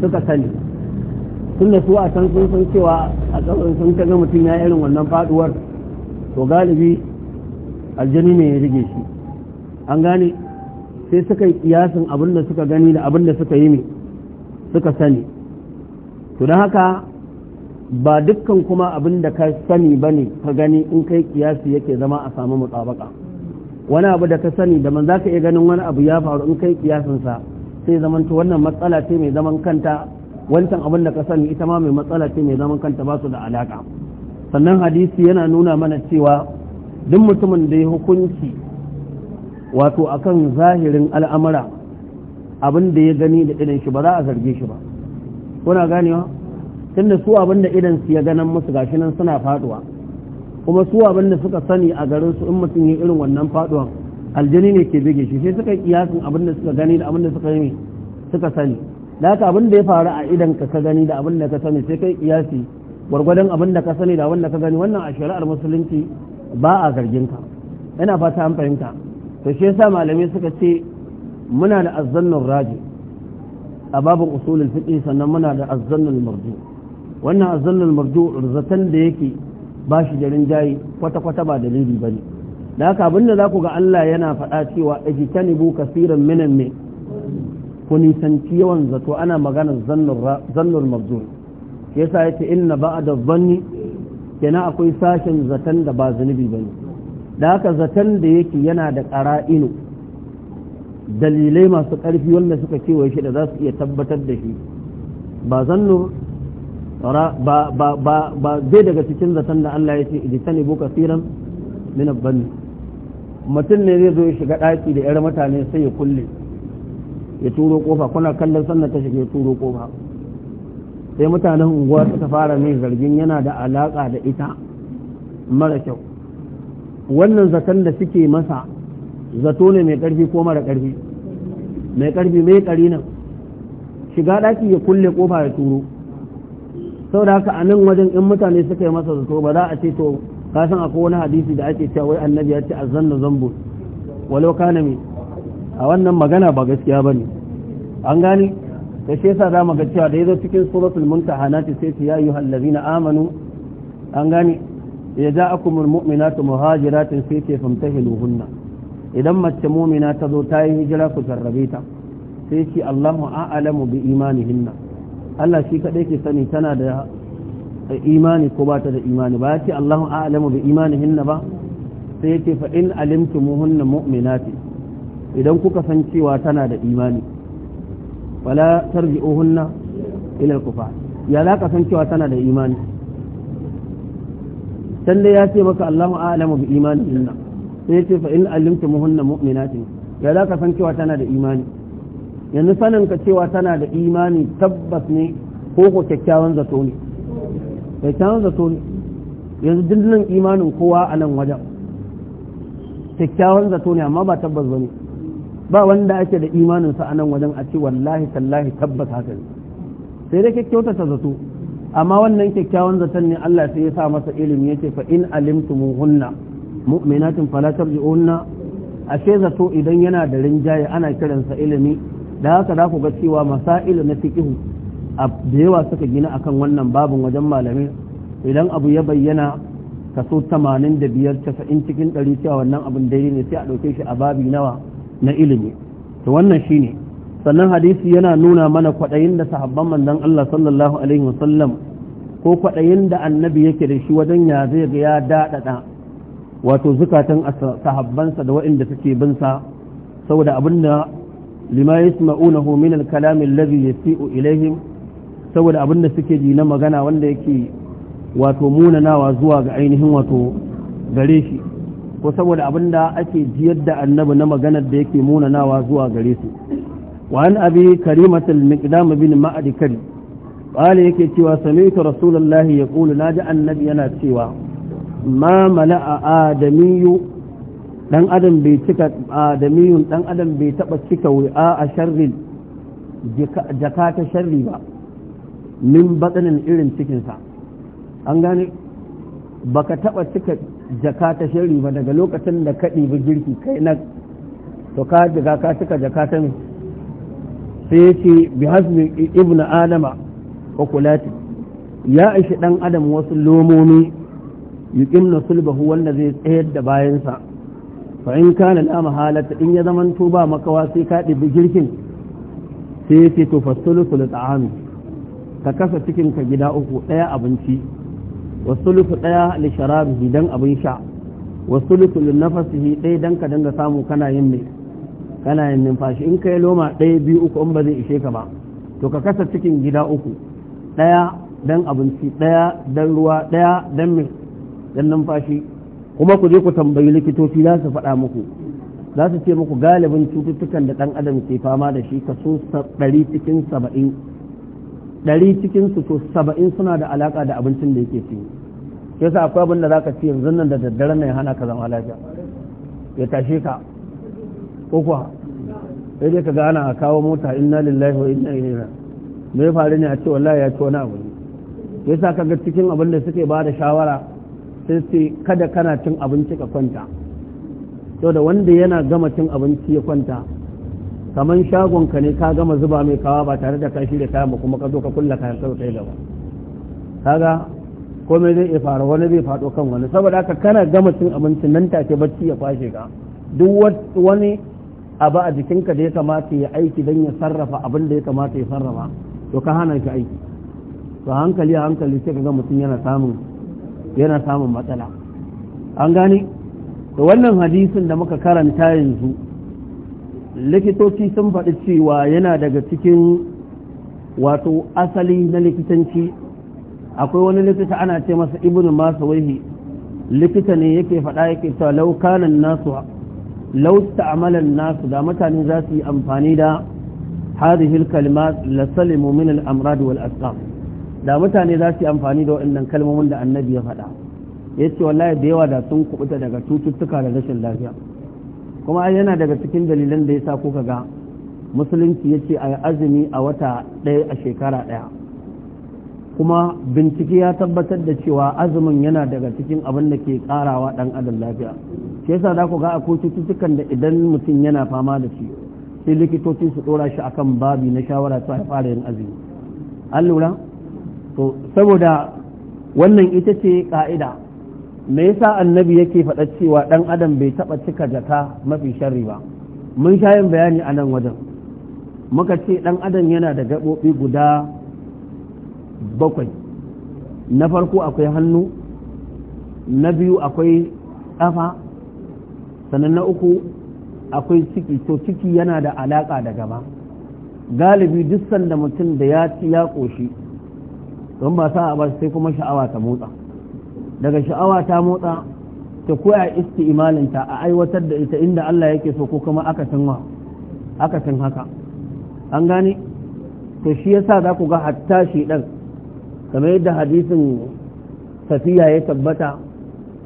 suka sani sun da su a can sun san cewa a tsawon sun kaga mutum ya irin wannan faduwar to galibi aljani ne ya rige shi an gane sai suka yi kiyasin abin da suka gani da abin da suka yi suka sani to don haka ba dukkan kuma abin da ka sani ba ne ka gani in kai kiyasi yake zama a samu mutabaka wani abu da ka sani da man za ka iya ganin wani abu ya faru in kai kiyasinsa sai zaman to wannan matsala ce mai zaman kanta wancan abin da ka sani ita ma mai matsala ce mai zaman kanta ba su da alaka sannan hadisi yana nuna mana cewa duk mutumin da ya hukunci wato akan zahirin al'amura abin da ya gani da irin shi ba za a zarge shi ba kuna ganewa tunda su abinda idan su ya ganin musu gashi nan suna faduwa kuma su abinda suka sani a garin su in mutum ya irin wannan faduwan aljani ne ke bige shi sai suka yi kiyasin abin suka gani da abinda suka yi suka sani da haka abinda ya faru a idan ka ka gani da abinda ka sani sai kai kiyasi gwargwadon abinda ka sani da abinda ka gani wannan a shari'ar musulunci ba a zargin ka yana fata an fahimta to shi yasa malamai suka ce muna da azzannun raji a babin usulul fiqh sannan muna da azzannul marji' wannan azallal mardu zaton da yake ba shi da rinjaye kwata-kwata ba dalili ba ne da haka da za ku ga Allah yana faɗa cewa ijtanibu kasiran minan me ku nisanci yawan zato ana maganar zannul mardu yasa yace inna da zanni kenan akwai sashen zaton da ba zunubi ba ne da haka zaton da yake yana da ƙara'inu dalilai masu ƙarfi wanda suka kewaye shi da za su iya tabbatar da shi ba zannu ba ba ba ba zai daga cikin zaton da Allah ya ce iditani bu kasiran min abban mutum ne zai zo ya shiga daki da yar mutane sai ya kulle ya turo kofa kuna kallon sannan ta shiga ya turo kofa sai mutanen unguwa suka fara mai zargin yana da alaka da ita mara kyau wannan zaton da suke masa zato ne mai ƙarfi ko mara ƙarfi mai ƙarfi mai ƙari nan shiga daki ya kulle kofa ya turo sau da haka a nan wajen in mutane suka yi masa zato ba za a ce to kasan a akwai hadisi da ake cewa wai annabi ya ce azanna zambo walau kana me a wannan magana ba gaskiya ba ne an gani da shi yasa mu ga cewa da ya zo cikin suratul mumtahanati sai ce ya hallabi na amanu an gani ya ja'akumul ta muhajiratin sai ce luhunna idan mace mu'mina ta zo ta yi hijira ku jarrabe ta sai ce Allahu a'alamu bi imanihinna Allah shi kaɗai ke sani tana da imani ko ba ta da imani ba ya ce Allahun a'lamu bi hinna ba sai ya ce fa in alimtumuhunna mu'minati idan kuka san cewa tana da imani wala tarbi ohunna al kufa ya za ka san cewa tana da imani can dai ya ce maka Allahun a'lamu bi hinna sai ya ce fa in alimtumuhunna mu'minatin ya za ka san cewa tana da imani yanzu sanin ka cewa tana da imani tabbas ne ko ko kyakkyawan zato ne kyakkyawan zato ne yanzu dindinin imanin kowa a nan wajen kyakkyawan zato ne amma ba tabbas ba ne ba wanda ake da imanin sa a nan wajen a ce wallahi tallahi tabbas haka ne sai dai kyakkyauta ta zato amma wannan kyakkyawan zaton ne Allah sai ya sa masa ilimi yace fa in hunna mu'minatin fala tarji'unna ashe zato idan yana da rinjaye ana kiransa ilimi da haka za ku ga cewa masa'ilu na fiqhu da yawa suka gina akan wannan babin wajen malamai idan abu ya bayyana kaso 85 90 cikin 100 cewa wannan abin daidai ne sai a dauke shi a babi nawa na ilimi to wannan shine sannan hadisi yana nuna mana kwaɗayin da sahabban manzon Allah sallallahu alaihi wasallam ko kwaɗayin da annabi yake da shi wajen ya zai ga ya dadada wato zukatan sahabbansa da waɗanda suke bin sa saboda abin da lima yasma'unahu kalamin al-kalam alladhi yasi'u ilaihim saboda abin da suke ji na magana wanda yake wato munanawa zuwa ainihin wato gare shi ko saboda abin da ake jiyar da annabi na maganar da yake munanawa zuwa gare su wa an abi karimatul miqdam bin ma'ad kari qala yake cewa sami'tu rasulullahi yaqulu naji annabi yana cewa ma a adamiyu. dan adam bai cika adamiyun dan adam bai taba cika wa a sharri jaka ta sharri ba min batsanin irin cikinsa an gane baka taba cika jaka ta sharri ba daga lokacin da ka ɗibi girki kai na to ka daga ka cika jaka ta sai ce bi hasbi ibnu adama wa kulati ya ishi dan adam wasu lomomi yuqimna sulbahu wanda zai tsayar da bayansa fa in kana la mahalata in ya to ba makawa sai ka ɗibi girkin sai yace to fasulu li ta'ami ka kasa cikin ka gida uku ɗaya abinci wasulusu ɗaya li sharabihi dan abin sha wasulusu li nafasihi ɗaya dan ka danga samu kana yin mai kana yin numfashi in kai loma ɗaya biyu uku in ba zai ishe ka ba to ka kasa cikin gida uku ɗaya dan abinci ɗaya dan ruwa ɗaya dan mai dan numfashi kuma ku je ku tambayi likitoci za su faɗa muku za su ce muku galibin cututtukan da ɗan adam ke fama da shi kaso ɗari cikin saba'in ɗari cikin su to saba'in suna da alaƙa da abincin da yake ci yasa akwai abin da zaka ci yanzu nan da daddare ne hana ka zama lafiya ya tashe ka uku kuwa sai dai ka gana a kawo mota inna lillahi wa inna ilaihi me faru ne a ce wallahi ya ci wani abu ne yasa kaga cikin abin da suke ba da shawara sai sai kada kana cin abinci ka kwanta to da wanda yana gama cin abinci ya kwanta kaman shagon ka ne ka gama zuba mai kawa ba tare da ka shirya kayan ba kuma ka zo ka kulla kayan ka sai gaba kaga komai zai iya faru wani zai faɗo kan wani saboda haka kana gama cin abinci nan take bacci ya kwashe ka duk wani abu a jikinka da ya kamata ya aiki don ya sarrafa abin da ya kamata ya sarrafa to ka hana shi aiki to hankali a hankali sai ka ga mutum yana samun yana samun matsala an gane da wannan hadisin da muka karanta yanzu likitoci sun faɗi cewa yana daga cikin wato asali na likitanci akwai wani likita ana ce masa ibn masu likita ne yake faɗa yake cewa laukanan nasu lausta amalan nasu da mutane za su yi amfani da hadihil kalimat la salimu min al-amrad wal asqam da mutane za su yi amfani da waɗannan kalmomin da annabi ya faɗa ya ce wallahi da yawa da sun kubuta daga cututtuka da rashin lafiya kuma yana daga cikin dalilan da ya sa kuka ga musulunci ya ce a yi azumi a wata ɗaya a shekara ɗaya kuma bincike ya tabbatar da cewa azumin yana daga cikin abin da ke karawa ɗan adam lafiya shi yasa za ku ga akwai cututtukan da idan mutum yana fama da shi sai likitoci su ɗora shi akan babi na shawara ta fara yin azumi an lura to saboda wannan ita ce ka'ida me yasa annabi yake faɗa cewa ɗan adam bai taɓa cika jaka mafi sharri ba mun sha yin bayani a nan wajen muka ce ɗan adam yana da gaɓoɓi guda bakwai na farko akwai hannu na biyu akwai ƙafa sannan na uku akwai ciki to ciki yana da alaƙa da gaba galibi duk sanda mutum da ya ci ya ƙoshi don ba sa ba sai kuma sha'awa ta motsa daga sha'awa ta motsa ta koya imalinta a aiwatar da ita inda Allah yake so ko kuma akasin wa akasin haka an gane to shi yasa za ku ga hatta shi dan kamar yadda hadisin safiya ya tabbata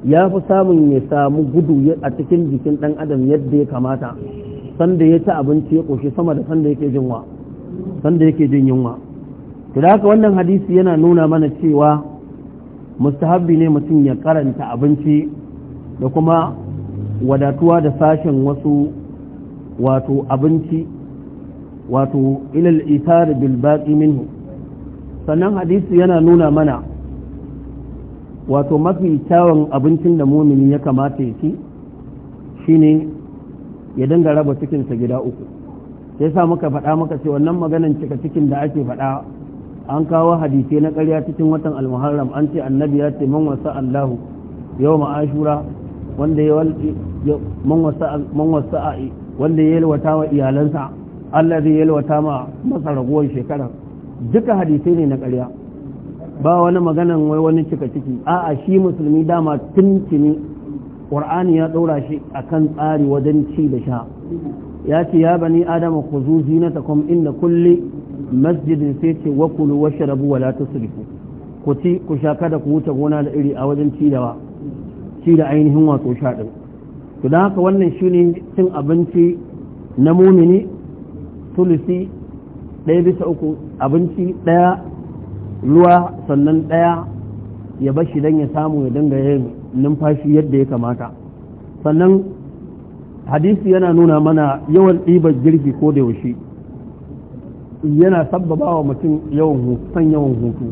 ya fi samun ya samu gudu a cikin jikin ɗan adam yadda ya kamata sanda ya ci abinci ya ƙoshi sama da sanda yake jin wa sanda yake jin yunwa to da haka wannan hadisi yana nuna mana cewa mustahabbi ne mutum ya karanta abinci da kuma wadatuwa da sashen wasu wato abinci wato ilal itar bil baqi minhu sannan hadisi yana nuna mana wato mafi kyawun abincin da mumini ya kamata ya ci shine ya dinga raba cikinsa gida uku sai sa muka faɗa maka ce wannan maganan cika cikin da ake faɗa an kawo hadisai na ƙarya cikin watan almuharram an ce annabi ya ce man wasa allahu yau ashura wanda ya man wasa yalwata wa iyalansa allah zai yalwata ma masa ragowar shekara duka hadisai ne na ƙarya ba wani maganan wai wani cika ciki a'a shi musulmi dama tuntuni ƙur'ani ya ɗora shi a kan tsari wajen ci da sha ya ce ya bani adama ku zu zinatakum inda kulli masjidin sai ce wa kulu wa sharabu wa la tusrifu ku ci ku sha kada ku wuce gona da iri a wajen ci da ci da ainihin wato sha din to dan haka wannan shine cin abinci na mumini tulisi ɗaya bisa uku abinci ɗaya ruwa sannan ɗaya ya bashi dan ya samu ya dinga yin numfashi yadda ya kamata sannan hadisi yana nuna mana yawan ɗibar girki ko da yaushe yana sabbaba wa mutum yawan san yawan hutu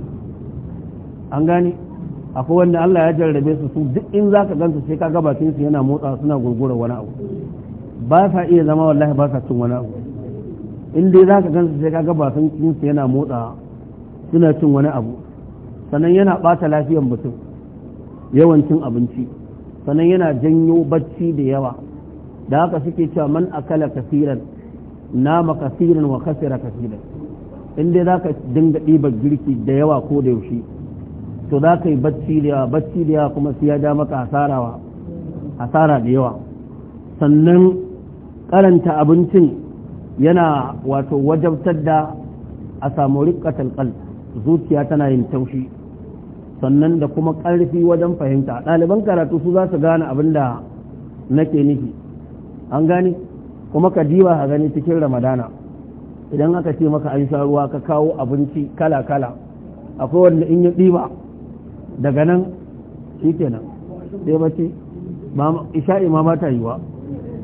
an gane akwai wanda Allah ya jarrabe su su duk in zaka gansu sai ka gabatin su yana motsa suna gurgura wani abu ba sa iya zama wallahi ba sa cin wani abu in dai zaka gansu sai ka gabatin su yana motsa suna cin wani abu sannan yana bata lafiyar mutum yawan cin abinci sannan yana janyo bacci da yawa da haka suke cewa man akala kasiran nama kasirin wa kasira kasirin in dai ka dinga ɗiba girki da yawa ko da yaushe to za ka yi bacci da yawa bacci da yawa kuma sai ja maka asara da yawa sannan karanta abincin yana wato wajabtar da a samu rikatar kal zuciya tana yin taushi sannan da kuma ƙarfi wajen fahimta ɗaliban karatu su za su gane abin da nake nufi an gane kuma ka diba a gani cikin ramadana idan aka ce maka an sha ruwa ka kawo abinci kala kala akwai wanda in yi diba daga nan shi kenan sai bace isha'in ma ba ta yiwa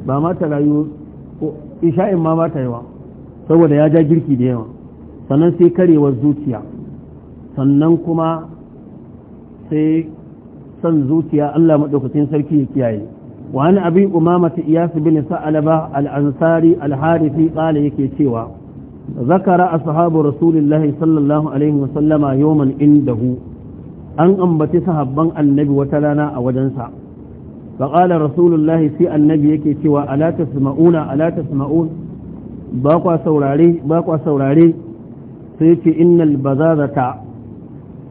ba ma rayu isha'in ma mata yiwa saboda ya ja girki da yawa sannan sai karewar zuciya sannan kuma sai son zuciya Allah maɗaukacin sarki ya kiyaye وعن أبي أمامة إياس بن سألبة الأنصاري الحارثي قال يكيتشيوا ذكر أصحاب رسول الله صلى الله عليه وسلم يوما عنده أن أنبت صحبا النبي وتلانا أوجنسا فقال رسول الله في النبي يكيتشيوا ألا تسمعون ألا تسمعون باقوا سوراري باقوا سوراري سيتي إن البزازة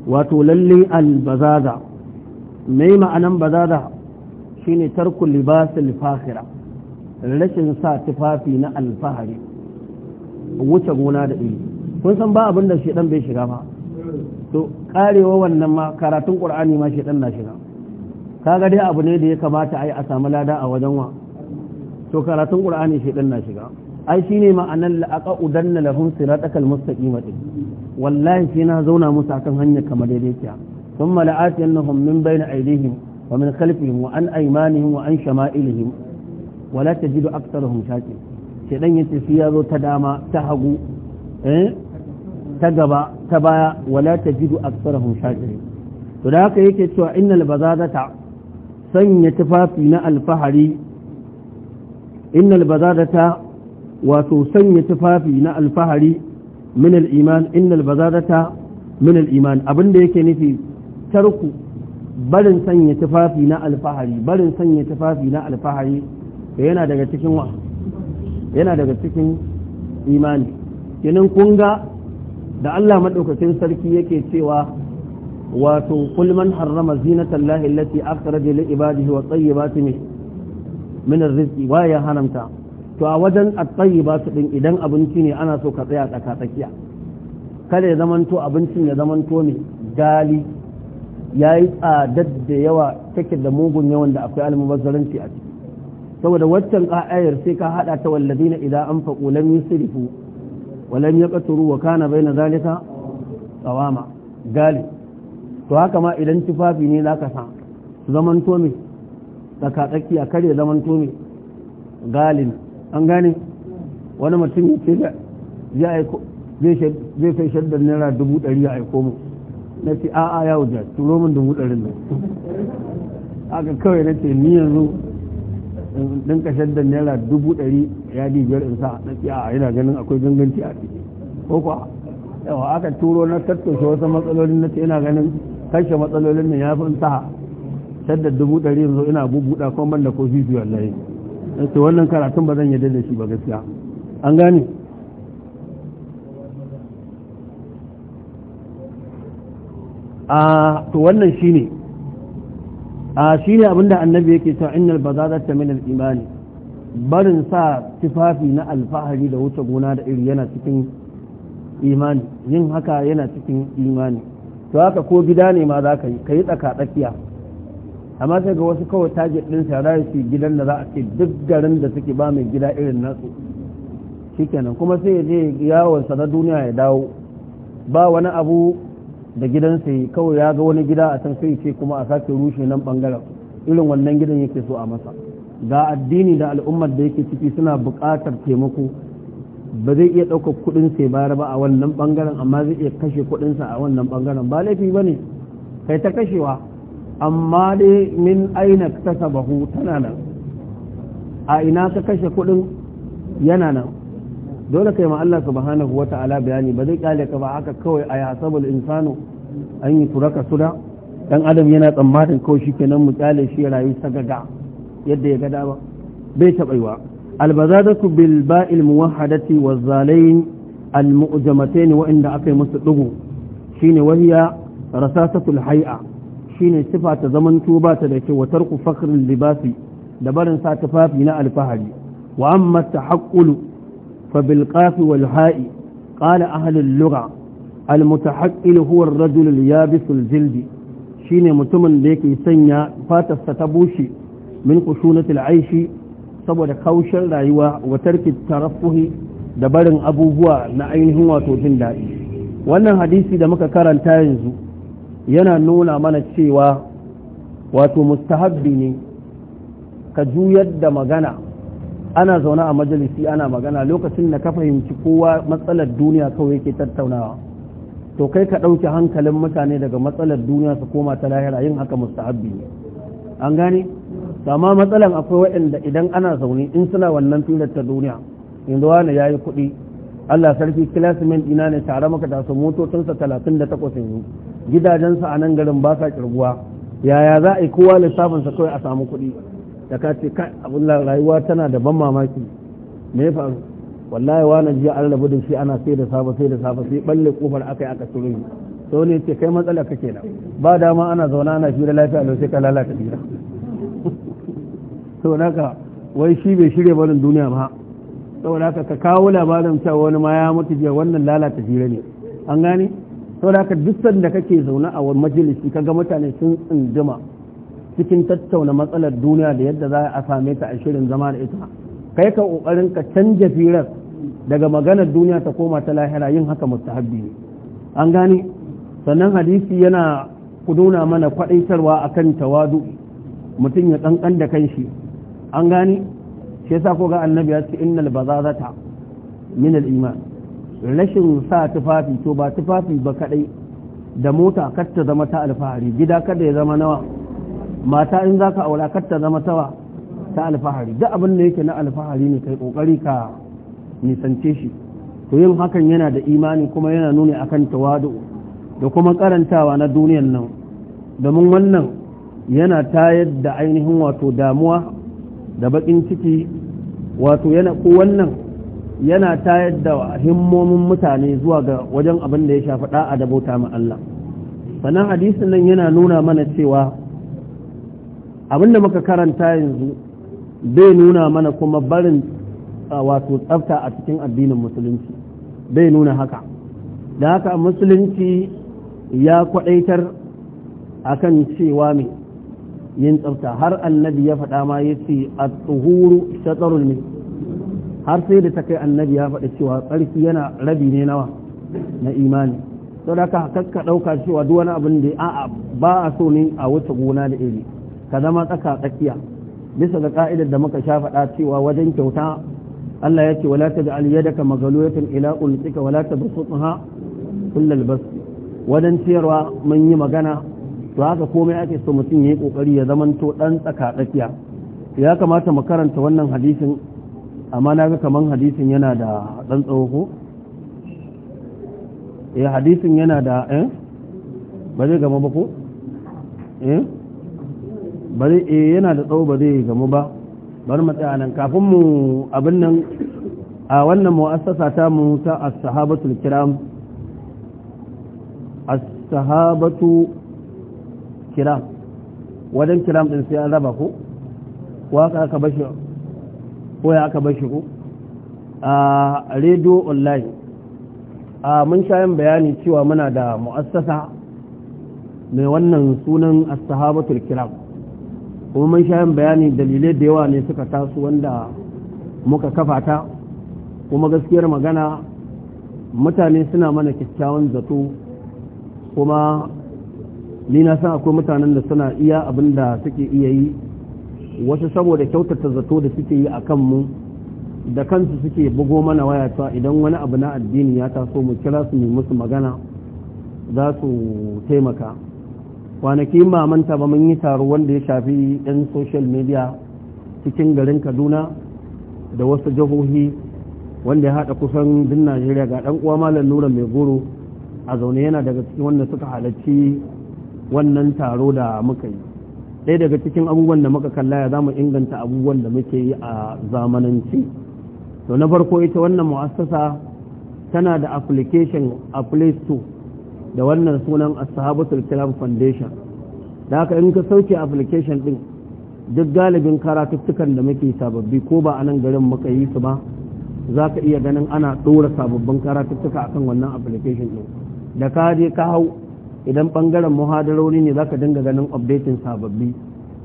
وتللي البزازة mai ma'anan ba za da shine tarku libasil fakhira rashin sa tufafi na alfahari wuce gona da iri kun san ba abin da shi shedan bai shiga ba to karewa wannan ma karatun qur'ani ma shedan na shiga kaga dai abu ne da ya kamata ai a samu lada a wajen wa to karatun qur'ani shedan na shiga ai shine ma'anan la'aqa udanna lahum siratakal mustaqima wallahi sai na zauna musu akan hanya kamar daidai kiya ثم لآتينهم من بين أيديهم ومن خلفهم وعن أيمانهم وعن شمائلهم ولا تجد أكثرهم شاكر شيطان يتفيا تداما تهقوا إيه؟ تقبا تبايا ولا تجد أكثرهم شاكرين فذاك يكتشوا إن البزادة سن يتفافين الفحري إن البزادة وتسن يتفافين الفحري من الإيمان إن البزادة من الإيمان أبن ديك نفي تركوا barin sanya tufafi na alfahari barin sanya tufafi na alfahari da yana daga cikin wa yana daga cikin imani kinin kunga da Allah maɗaukacin sarki yake cewa wato kul man harrama zinatallahi allati akhraja li ibadihi wa tayyibati min arziki wa ya haramta to a wajen at su din idan abinci ne ana so ka tsaya tsaka tsakiya kada ya zamanto abincin ya zamanto ne gali ya yi tsadar da yawa take da mugun yawan da akwai almubazzaranci a ciki saboda waccan ƙa'ayar sai ka haɗa ta na idan an faƙo lam sirifu wa lam yaqturu wa kana na zalika tsawama gali to haka ma idan tufafi ne za ka sa zaman tome me tsaka tsaki a kare zaman tome galin an gane wani mutum ya ce da zai fai shaddar naira dubu ɗari a aiko mu na ce a'a ya wuce turo min dubu ɗari ne aka kawai na ce ni yanzu ɗin kashar da naira dubu ɗari ya di biyar in sa na ce a'a yana ganin akwai ganganci a ciki ko kuwa yawa aka turo na tattoshe wasu matsalolin na ce ina ganin kashe matsalolin nan ya fi in sa shadda dubu ɗari yanzu ina bubuɗa kuma ban da kofi biyu wallahi na ce wannan karatun ba zan yarda da shi ba gaskiya an gane a to wannan shine a shine abinda annabi yake cewa innal ta min al-imani barin sa tufafi na alfahari da wuce gona da iri yana cikin imani yin haka yana cikin imani to haka ko gida ne ma za ka yi ka yi tsaka tsakiya amma sai ga wasu kawai target din sa rayu su gidan da za a ce duk garin da suke ba mai gida irin nasu shikenan kuma sai ya je yawon sa na duniya ya dawo ba wani abu da gidansa yi kawai ya ga wani gida a can sai ce kuma a sake rushe nan bangaren irin wannan gidan yake so a masa ga addini da al'ummar da yake ciki suna buƙatar taimako ba zai iya ɗaukar kuɗin sai bayar ba a wannan bangaren amma zai iya kashe kuɗinsa a wannan bangaren ba laifi ba ne kai ta kashewa amma dai min aina ta sabahu tana nan a ina ka kashe kuɗin yana nan dole kai ma Allah subhanahu wa ta'ala bayani ba zai kyale ka ba haka kawai a yasabul insanu an yi turaka suda dan adam yana tsammanin kawai shi kenan mu kyale shi rayu sagaga yadda ya gada ba bai taɓaiwa albazadatu bil ba'il muwahhadati wazalai al mu'jamatain wa inda akai musu dugu shine wahiya rasasatul hay'a shine sifa ta zaman tuba ta da ke wa tarku fakhrin libasi da barin sa tufafi na alfahari wa amma tahaqqulu فبالقاف والهاء قال أهل اللغة المتحقل هو الرجل اليابس الجلد شين متمن ديك يسنى فات ستبوشي من خشونة العيش saboda kaushin rayuwa wa tarki tarafuhi da barin abubuwa na ainihin wato jin daɗi wannan hadisi da muka karanta yanzu yana nuna mana cewa wato mustahabbi ne ka juyar da magana ana zaune a majalisi ana magana lokacin da ka fahimci kowa matsalar duniya kawai ke tattaunawa to kai ka ɗauki hankalin mutane daga matsalar duniya su koma ta lahira yin haka mustahabbi ne an gane amma matsalar akwai waɗanda idan ana zaune in suna wannan filar ta duniya yanzu wani ya yi kuɗi Allah sarki kilasimen ina ne tare maka da su motocinsa talatin da takwas yanzu gidajensa a nan garin ba sa kirguwa yaya za a yi kowa lissafinsa kawai a samu kuɗi da ka ce kai da rayuwa tana da ban mamaki me ya faru wallahi wani jiya an rabu da shi ana sai da safa sai da safa sai balle kofar akai aka turu to ne ce kai matsala kake na ba dama ana zauna ana shi da lafiya lau sai ka lalata dira to naka wai shi bai shirya barin duniya ba saboda haka ka kawo labarin cewa wani ma ya mutu jiya wannan lalata hira ne an gane saboda haka duk sanda kake zaune a wani majalisi kaga mutane sun tsindima cikin tattauna matsalar duniya da yadda za a same ta a shirin zama da ita kai ka kokarin ka canja firar daga maganar duniya ta koma ta lahira yin haka mustahabbi ne an gane sannan hadisi yana kuduna mana kwadaitarwa akan tawadu mutum ya kankan da kanshi an gane shi yasa ko ga annabi ya ce innal bazazata min al iman rashin sa tufafi to ba tufafi ba kadai da mota kar ta zama ta alfahari gida kada ya zama nawa mata in za ka aura kar ta zama tawa ta alfahari duk abin da yake na alfahari ne kai kokari ka nisance shi to yin hakan yana da imani kuma yana nuni akan tawadu da kuma karantawa na duniyan nan domin wannan yana tayar da ainihin wato damuwa da bakin ciki wato yana ko wannan yana tayar da himmomin mutane zuwa ga wajen abin da ya shafi da'a da bauta ma Allah sannan hadisin nan yana nuna mana cewa abinda muka karanta yanzu bai nuna mana kuma barin wato tsafta a cikin addinin musulunci bai nuna haka da haka musulunci ya kwadaitar akan cewa mai yin tsafta har annabi ya faɗa ma ya ce a tsuhuru shatsarul ne har sai da ta kai annabi ya faɗa cewa tsarki yana rabi ne nawa na imani sau da ka ɗauka cewa duk abin da a ba a so ne a wuce gona da iri ka zama tsaka tsakiya bisa ga ka'idar da muka sha faɗa cewa wajen kyauta Allah ya ce wala taj'al yadaka maghlulatan ila ulqika wala tabsutha kullal bas wajen ciyarwa mun yi magana to haka komai ake so mutum yayi kokari ya zama to dan tsaka tsakiya ya kamata mu karanta wannan hadisin amma na ga kaman hadisin yana da dan tsawo ko eh hadisin yana da eh ba zai gama ba ko eh Bari zai eh yana da tsawo ba zai gamu ba bari mu tsaya nan kafin mu abin nan a wannan mu'assasa ta mu ta as-sahabatul kiram as-sahabatu kiram wajen kiram din sai an raba ko waka aka bashi ko ya aka bashi ko a radio online a mun sha yin bayani cewa muna da mu'assasa mai wannan sunan as-sahabatul kiram kuma mun sha yin bayani dalilai da yawa ne suka taso wanda muka kafa ta kuma gaskiyar magana mutane suna mana kyakkyawan zato kuma ni na san akwai mutanen da suna iya abin da suke iya yi wasu saboda kyautata zato da suke yi a kanmu da kansu suke bugo mana waya ta idan wani abu na addini ya taso mu kira su ne musu magana za su taimaka kwanaki mamanta ba mun yi taro wanda ya shafi 'yan social media cikin garin kaduna da wasu jihohi wanda ya haɗa kusan din najeriya ga ɗan uwa malam nura mai goro a zaune yana daga cikin wanda suka halarci wannan taro da muka yi ɗaya daga cikin abubuwan da muka kalla ya zama inganta abubuwan da muke yi a zamananci to na farko ita wannan mu'assasa tana da application a play store da wannan sunan ashabatul Kalam foundation da haka in ka sauke application din duk galibin karatuttukan da muke sababbi ko ba a nan garin muka yi su ba za ka iya ganin ana ɗora sababbin karatuttuka akan wannan application din da ka je ka hau idan bangaren muhadarori ne za ka dinga ganin updating sababbi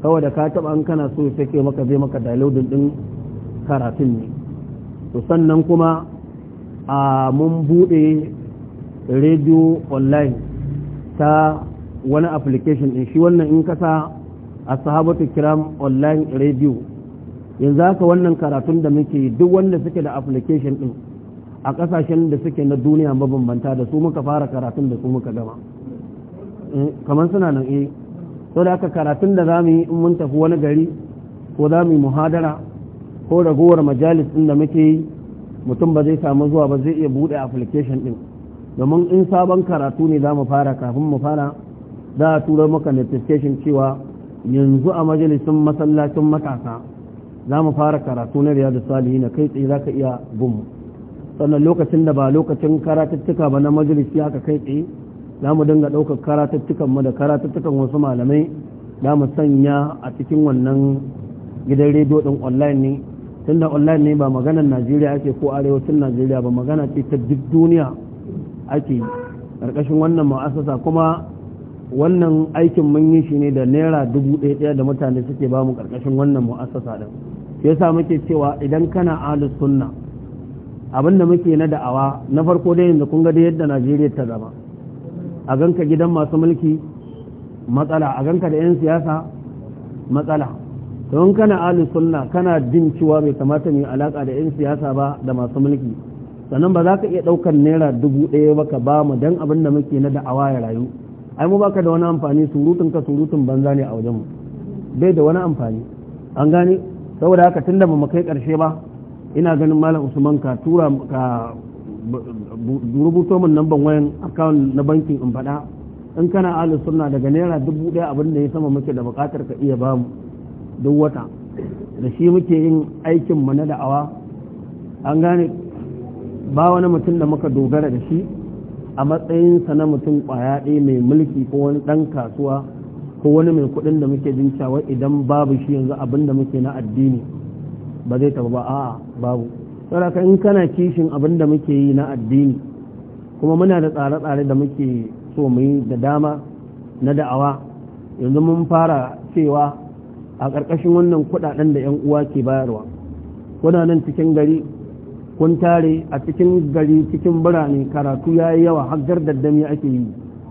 kawai da ka taba an kana so ya sake maka zai maka downloading din karatun ne to sannan kuma a mun buɗe radio online ta wani application din shi wannan in kasa a sahabatu kiram online radio yanzu haka wannan karatun da muke duk wanda suke da application din a kasashen da suke na duniya mabambanta da su muka fara karatun da su muka gama eh, kamar suna nan eh to da aka karatun da za mu yi in mun tafi wani gari ko za mu yi muhadara ko ragowar majalis din da muke yi mutum ba zai samu zuwa ba zai iya buɗe application din domin in sabon karatu ne za mu fara kafin mu fara za a tura maka notification cewa yanzu a majalisun masallacin matasa za mu fara karatu na riyadu salihi na kai tsaye za ka iya bin sannan lokacin da ba lokacin karatuttuka ba na majalisi aka kai tsaye za mu dinga ɗaukar karatuttukan mu da karatuttukan wasu malamai za mu sanya a cikin wannan gidan rediyo ɗin online ne tunda online ne ba maganar najeriya ake ko arewacin najeriya ba magana ce ta duk duniya ake ƙarƙashin wannan ma'asasa kuma wannan aikin mun yi shi ne da naira dubu ɗaya ɗaya da mutane suke ba mu ƙarƙashin wannan ma'asasa ɗin shi yasa muke cewa idan kana ahlus sunna abin da muke na da'awa na farko dai yanzu kun ga da yadda Najeriya ta zama a ganka gidan masu mulki matsala a ganka da 'yan siyasa matsala don kana ahlus sunna kana jin cewa bai kamata mu alaka da 'yan siyasa ba da masu mulki sannan ba za ka iya ɗaukar naira dubu ɗaya ba ka ba mu don abin da muke na da'awa ya rayu ai mu baka da wani amfani surutun ka surutun banza ne a wajenmu bai da wani amfani an gane saboda haka tun da mu kai ƙarshe ba ina ganin malam usman ka tura ka rubuto min namban wayan akawun na bankin in faɗa in kana alu sunna daga naira dubu ɗaya abin da ya sama muke da buƙatar ka iya ba mu duk wata da shi muke yin aikin mu na da'awa an gane ba wani mutum da muka dogara da shi a matsayinsa na mutum kwaya ɗaya mai mulki ko wani ɗan kasuwa ko wani mai kuɗin da muke jin idan babu shi yanzu abin da muke na addini ba zai taɓa ba a'a babu saboda in kana kishin abin da muke yi na addini kuma muna da tsare-tsare da muke so mu yi da dama na da'awa yanzu mun fara cewa a ƙarƙashin wannan kuɗaɗen da 'yan uwa ke bayarwa kuna nan cikin gari kun tare a cikin gari cikin birane karatu ya yi yawa har daddami ake yi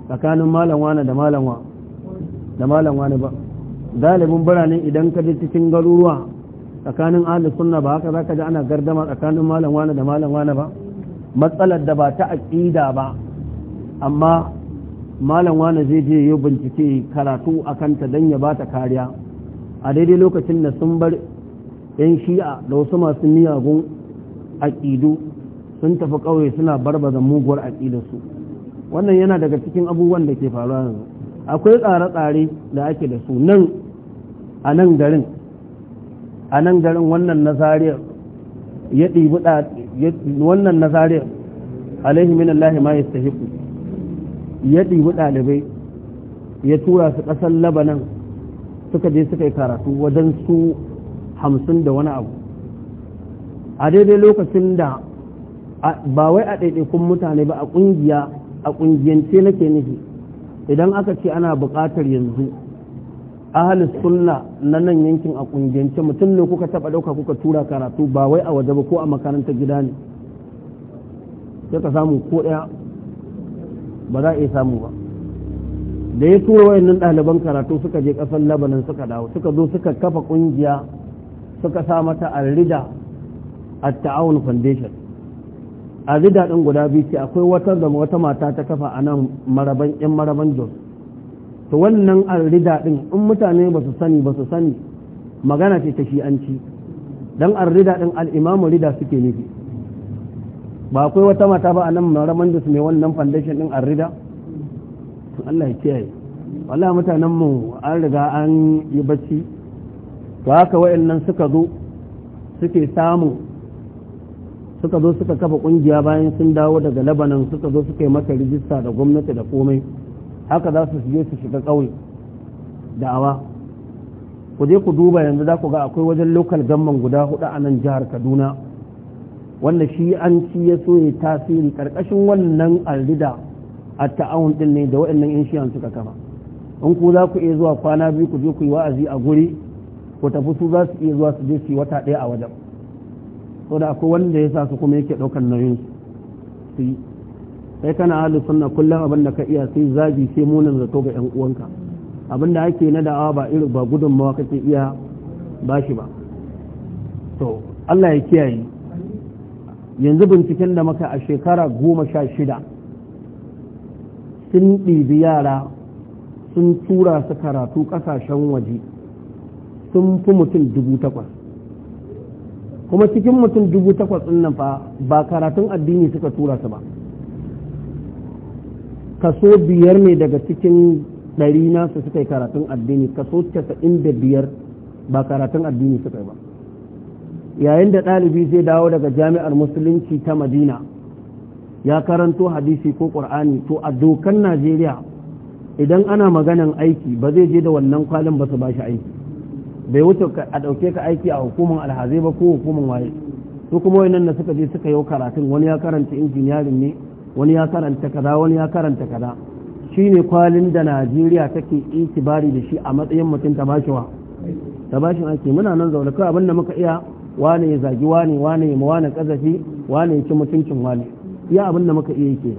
tsakanin malam wane da malam ne da malam wane ba galibin birane idan ka je cikin garuruwa tsakanin ahli sunna ba haka zaka ji ana gardama tsakanin malam wane da malam wane ba matsalar da ba ta aqida ba amma malam wane zai je ya bincike karatu a kanta dan ya bata kariya a daidai lokacin da sun bar yan shi'a da wasu masu miyagun aƙidu sun tafi ƙauye suna barbaza muguwar su wannan yana daga cikin abubuwan da ke faruwa yanzu akwai tsare-tsare da ake da su nan a nan garin a nan garin wannan nazariyar ya ɗibi wannan nazariyar alaihi minallahi ma ya ɗibi ɗalibai ya tura su ƙasar labanan suka je suka yi karatu wajen su hamsin da wani abu a daidai lokacin da ba wai a ɗaiɗaikun mutane ba a ƙungiya a ƙungiyance nake nufi idan aka ce ana buƙatar yanzu ahalus sunna na nan yankin a ƙungiyance mutum ne kuka taɓa ɗauka kuka tura karatu ba wai a waje ba ko a makaranta gida ne sai ka samu ko ɗaya ba za a iya samu ba da ya tura wayannan ɗaliban karatu suka je ƙasar labanin suka dawo suka zo suka kafa ƙungiya suka sa mata alrida at-ta'awun foundation a daɗin guda biyu ce akwai wata da wata mata ta kafa a nan maraban yan maraban jos to wannan rida din in mutane ba su sani ba su sani magana ce ta shi'anci dan arrida din al-imamu rida suke nufi ba akwai wata mata ba a nan maraban jos mai wannan foundation din arrida Allah ya kiyaye wallahi mutanen mu an riga an yi bacci to haka wayannan suka zo suke samu suka zo suka kafa kungiya bayan sun dawo daga labanan suka zo suka yi mata rijista da gwamnati da komai haka za su je su shiga ƙauye da'awa ku je ku duba yanzu za ku ga akwai wajen lokal gamman guda hudu a nan jihar kaduna wanda shi an ci ya so ya tasiri karkashin wannan alrida a ta'awun din ne da waɗannan yan shiyan suka kafa in ku za ku iya zuwa kwana biyu ku je ku yi wa'azi a guri ku tafi su za su iya zuwa su je su yi wata ɗaya a wajen ko da akwai wanda ya sa su kuma yake ɗaukar nauyin su yi sai kana halin sunna kullum abin da ka iya sai zabi sai munin zato ga yan uwanka abin da ake na da'awa ba iri ba gudun gudunmawa kake iya ba shi ba to Allah ya kiyaye yanzu binciken da maka a shekara goma sha shida sun ɗibi yara sun tura su karatu ƙasashen waje sun fi mutum dubu takwas kuma cikin mutum dubu takwas ɗin nan fa ba karatun addini suka tura su ba kaso biyar ne daga cikin ɗari nasu suka yi karatun addini kaso casa'in da biyar ba karatun addini suka yi ba yayin da ɗalibi zai dawo daga jami'ar musulunci ta madina ya karanto hadisi ko ƙur'ani to a dokan najeriya idan ana maganan aiki ba zai je da wannan kwalin ba su ba shi aiki bai wuce a ɗauke ka aiki a hukumar alhazai ba ko hukumar waye su kuma wayannan da suka je suka yi karatun wani ya karanta injiniyarin ne wani ya karanta kaza wani ya karanta kaza shine kwalin da Najeriya take itibari da shi a matsayin mutum ta bashi wa ta bashi ake muna nan zaune kawai abinda muka iya wane ya zagi wane wane ya wane kazafi wane ya ci mutuncin wane iya abinda muka iya yake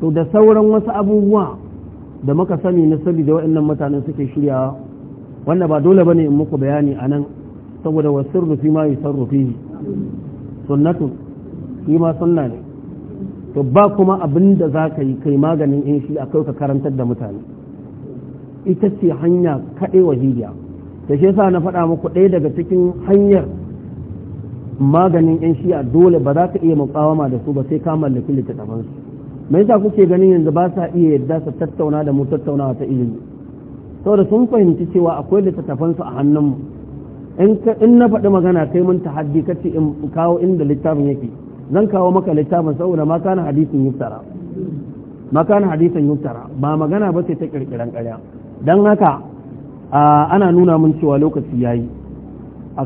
to da sauran wasu abubuwa da muka sani na sirri da waɗannan mutanen suke shiryawa wanda ba dole bane in muku bayani a nan saboda wasirru fi ma rufi. fihi sunnatu shi ma sunna ne to ba kuma abin da za ka yi kai maganin in shi kai ka karantar da mutane ita ce hanya kaɗai wahidiya da shi yasa na faɗa muku ɗaya daga cikin hanyar maganin yan shi'a dole ba za ka iya mukawama da su ba sai ka mallaki littattafansu me yasa kuke ganin yanzu ba sa iya yadda su tattauna da mu tattauna ta ilimi saboda sun fahimci cewa akwai littattafansu a hannunmu in na faɗi magana kai mun tahaddi kace in kawo inda littafin yake zan kawo maka littafin saboda ma kana hadisin yuftara ma kana hadisin yuftara ba magana ba sai ta kirkiran ƙarya dan haka ana nuna mun cewa lokaci yayi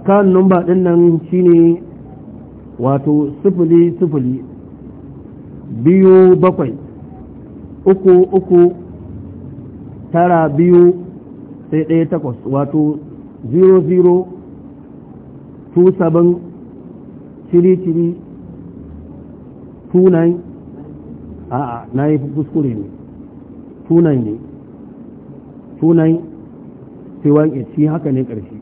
kan numba din nan shine wato sifili sifili biyu bakwai uku uku tara biyu sai ɗaya takwas wato 0027 shiri-shiri 29 a'a na yi fuskure ne 29 ne 29 sai wanke shi haka ne ƙarshe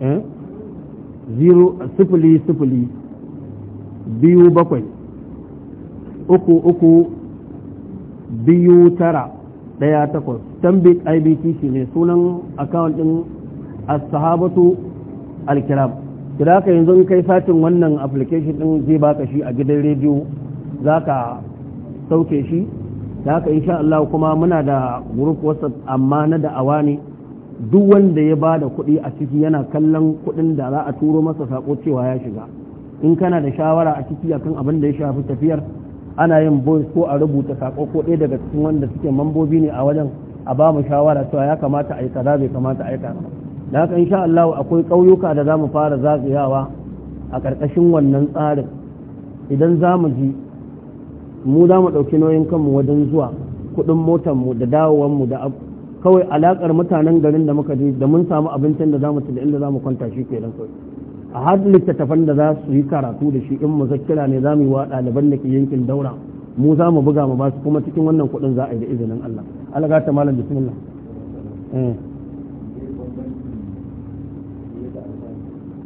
eh sifili biyu bakwai uku uku biyu tara daya takwas tambik ibtc ne sunan akawun ɗin asahabatu alkiram kira ka yanzu kai satin wannan application ɗin zai baka shi a gidan rediyo zaka sauke shi da haka insha Allah kuma muna da group whatsapp amma na da awani duk wanda ya ba da kuɗi a ciki yana kallon kuɗin da za a turo masa sako cewa ya shiga in kana da shawara a ciki akan abin da ya shafi tafiyar ana yin voice ko a rubuta sako ko ɗaya daga cikin wanda suke mambobi ne a wajen a ba mu shawara cewa ya kamata a yi kaza bai kamata a yi kaza da haka insha Allah akwai ƙauyuka da za mu fara zagayawa a ƙarƙashin wannan tsarin idan za mu ji mu za mu ɗauki nauyin kanmu wajen zuwa kuɗin mu da mu da kawai alaƙar mutanen garin da muka je da mun samu abincin da za mu ci da inda za mu kwanta shi kenan kawai har littattafan da za su yi karatu da shi in muzakkira ne za mu yi wa ɗaliban da ke yankin daura mu za mu buga mu ba su kuma cikin wannan kuɗin za a yi da izinin Allah Allah ga ta malam bismillah eh.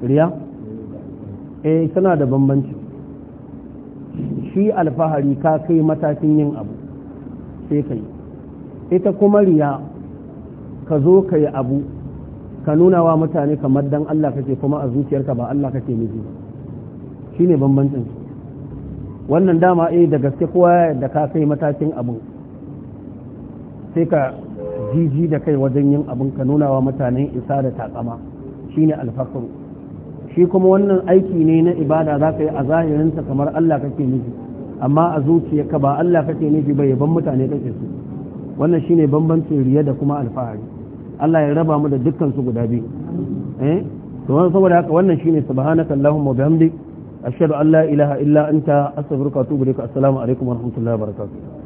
riya eh suna da bambanci shi alfahari ka kai matakin yin abu sai kai ita kuma riya ka zo ka yi abu ka nuna wa mutane kamar dan Allah kake kuma a zuciyarka ba Allah kake nufi shine bambancin wannan dama eh da gaske kowa da ka kai matakin abu sai ka jiji da kai wajen yin abin ka nuna wa mutane isa da takama shine alfakar shi kuma wannan aiki ne na ibada za ka yi a zahirinsa kamar Allah kake miji amma a zuciyarka ba Allah kake miji ba yaban mutane kake su wannan shine bambancin riya da kuma alfahari Allah ya raba mu da dukkan su guda biyu eh to saboda haka wannan shine subhanaka allahumma bihamdik ashhadu an la ilaha illa anta astaghfiruka wa atubu ilaik assalamu alaikum wa rahmatullahi wa barakatuh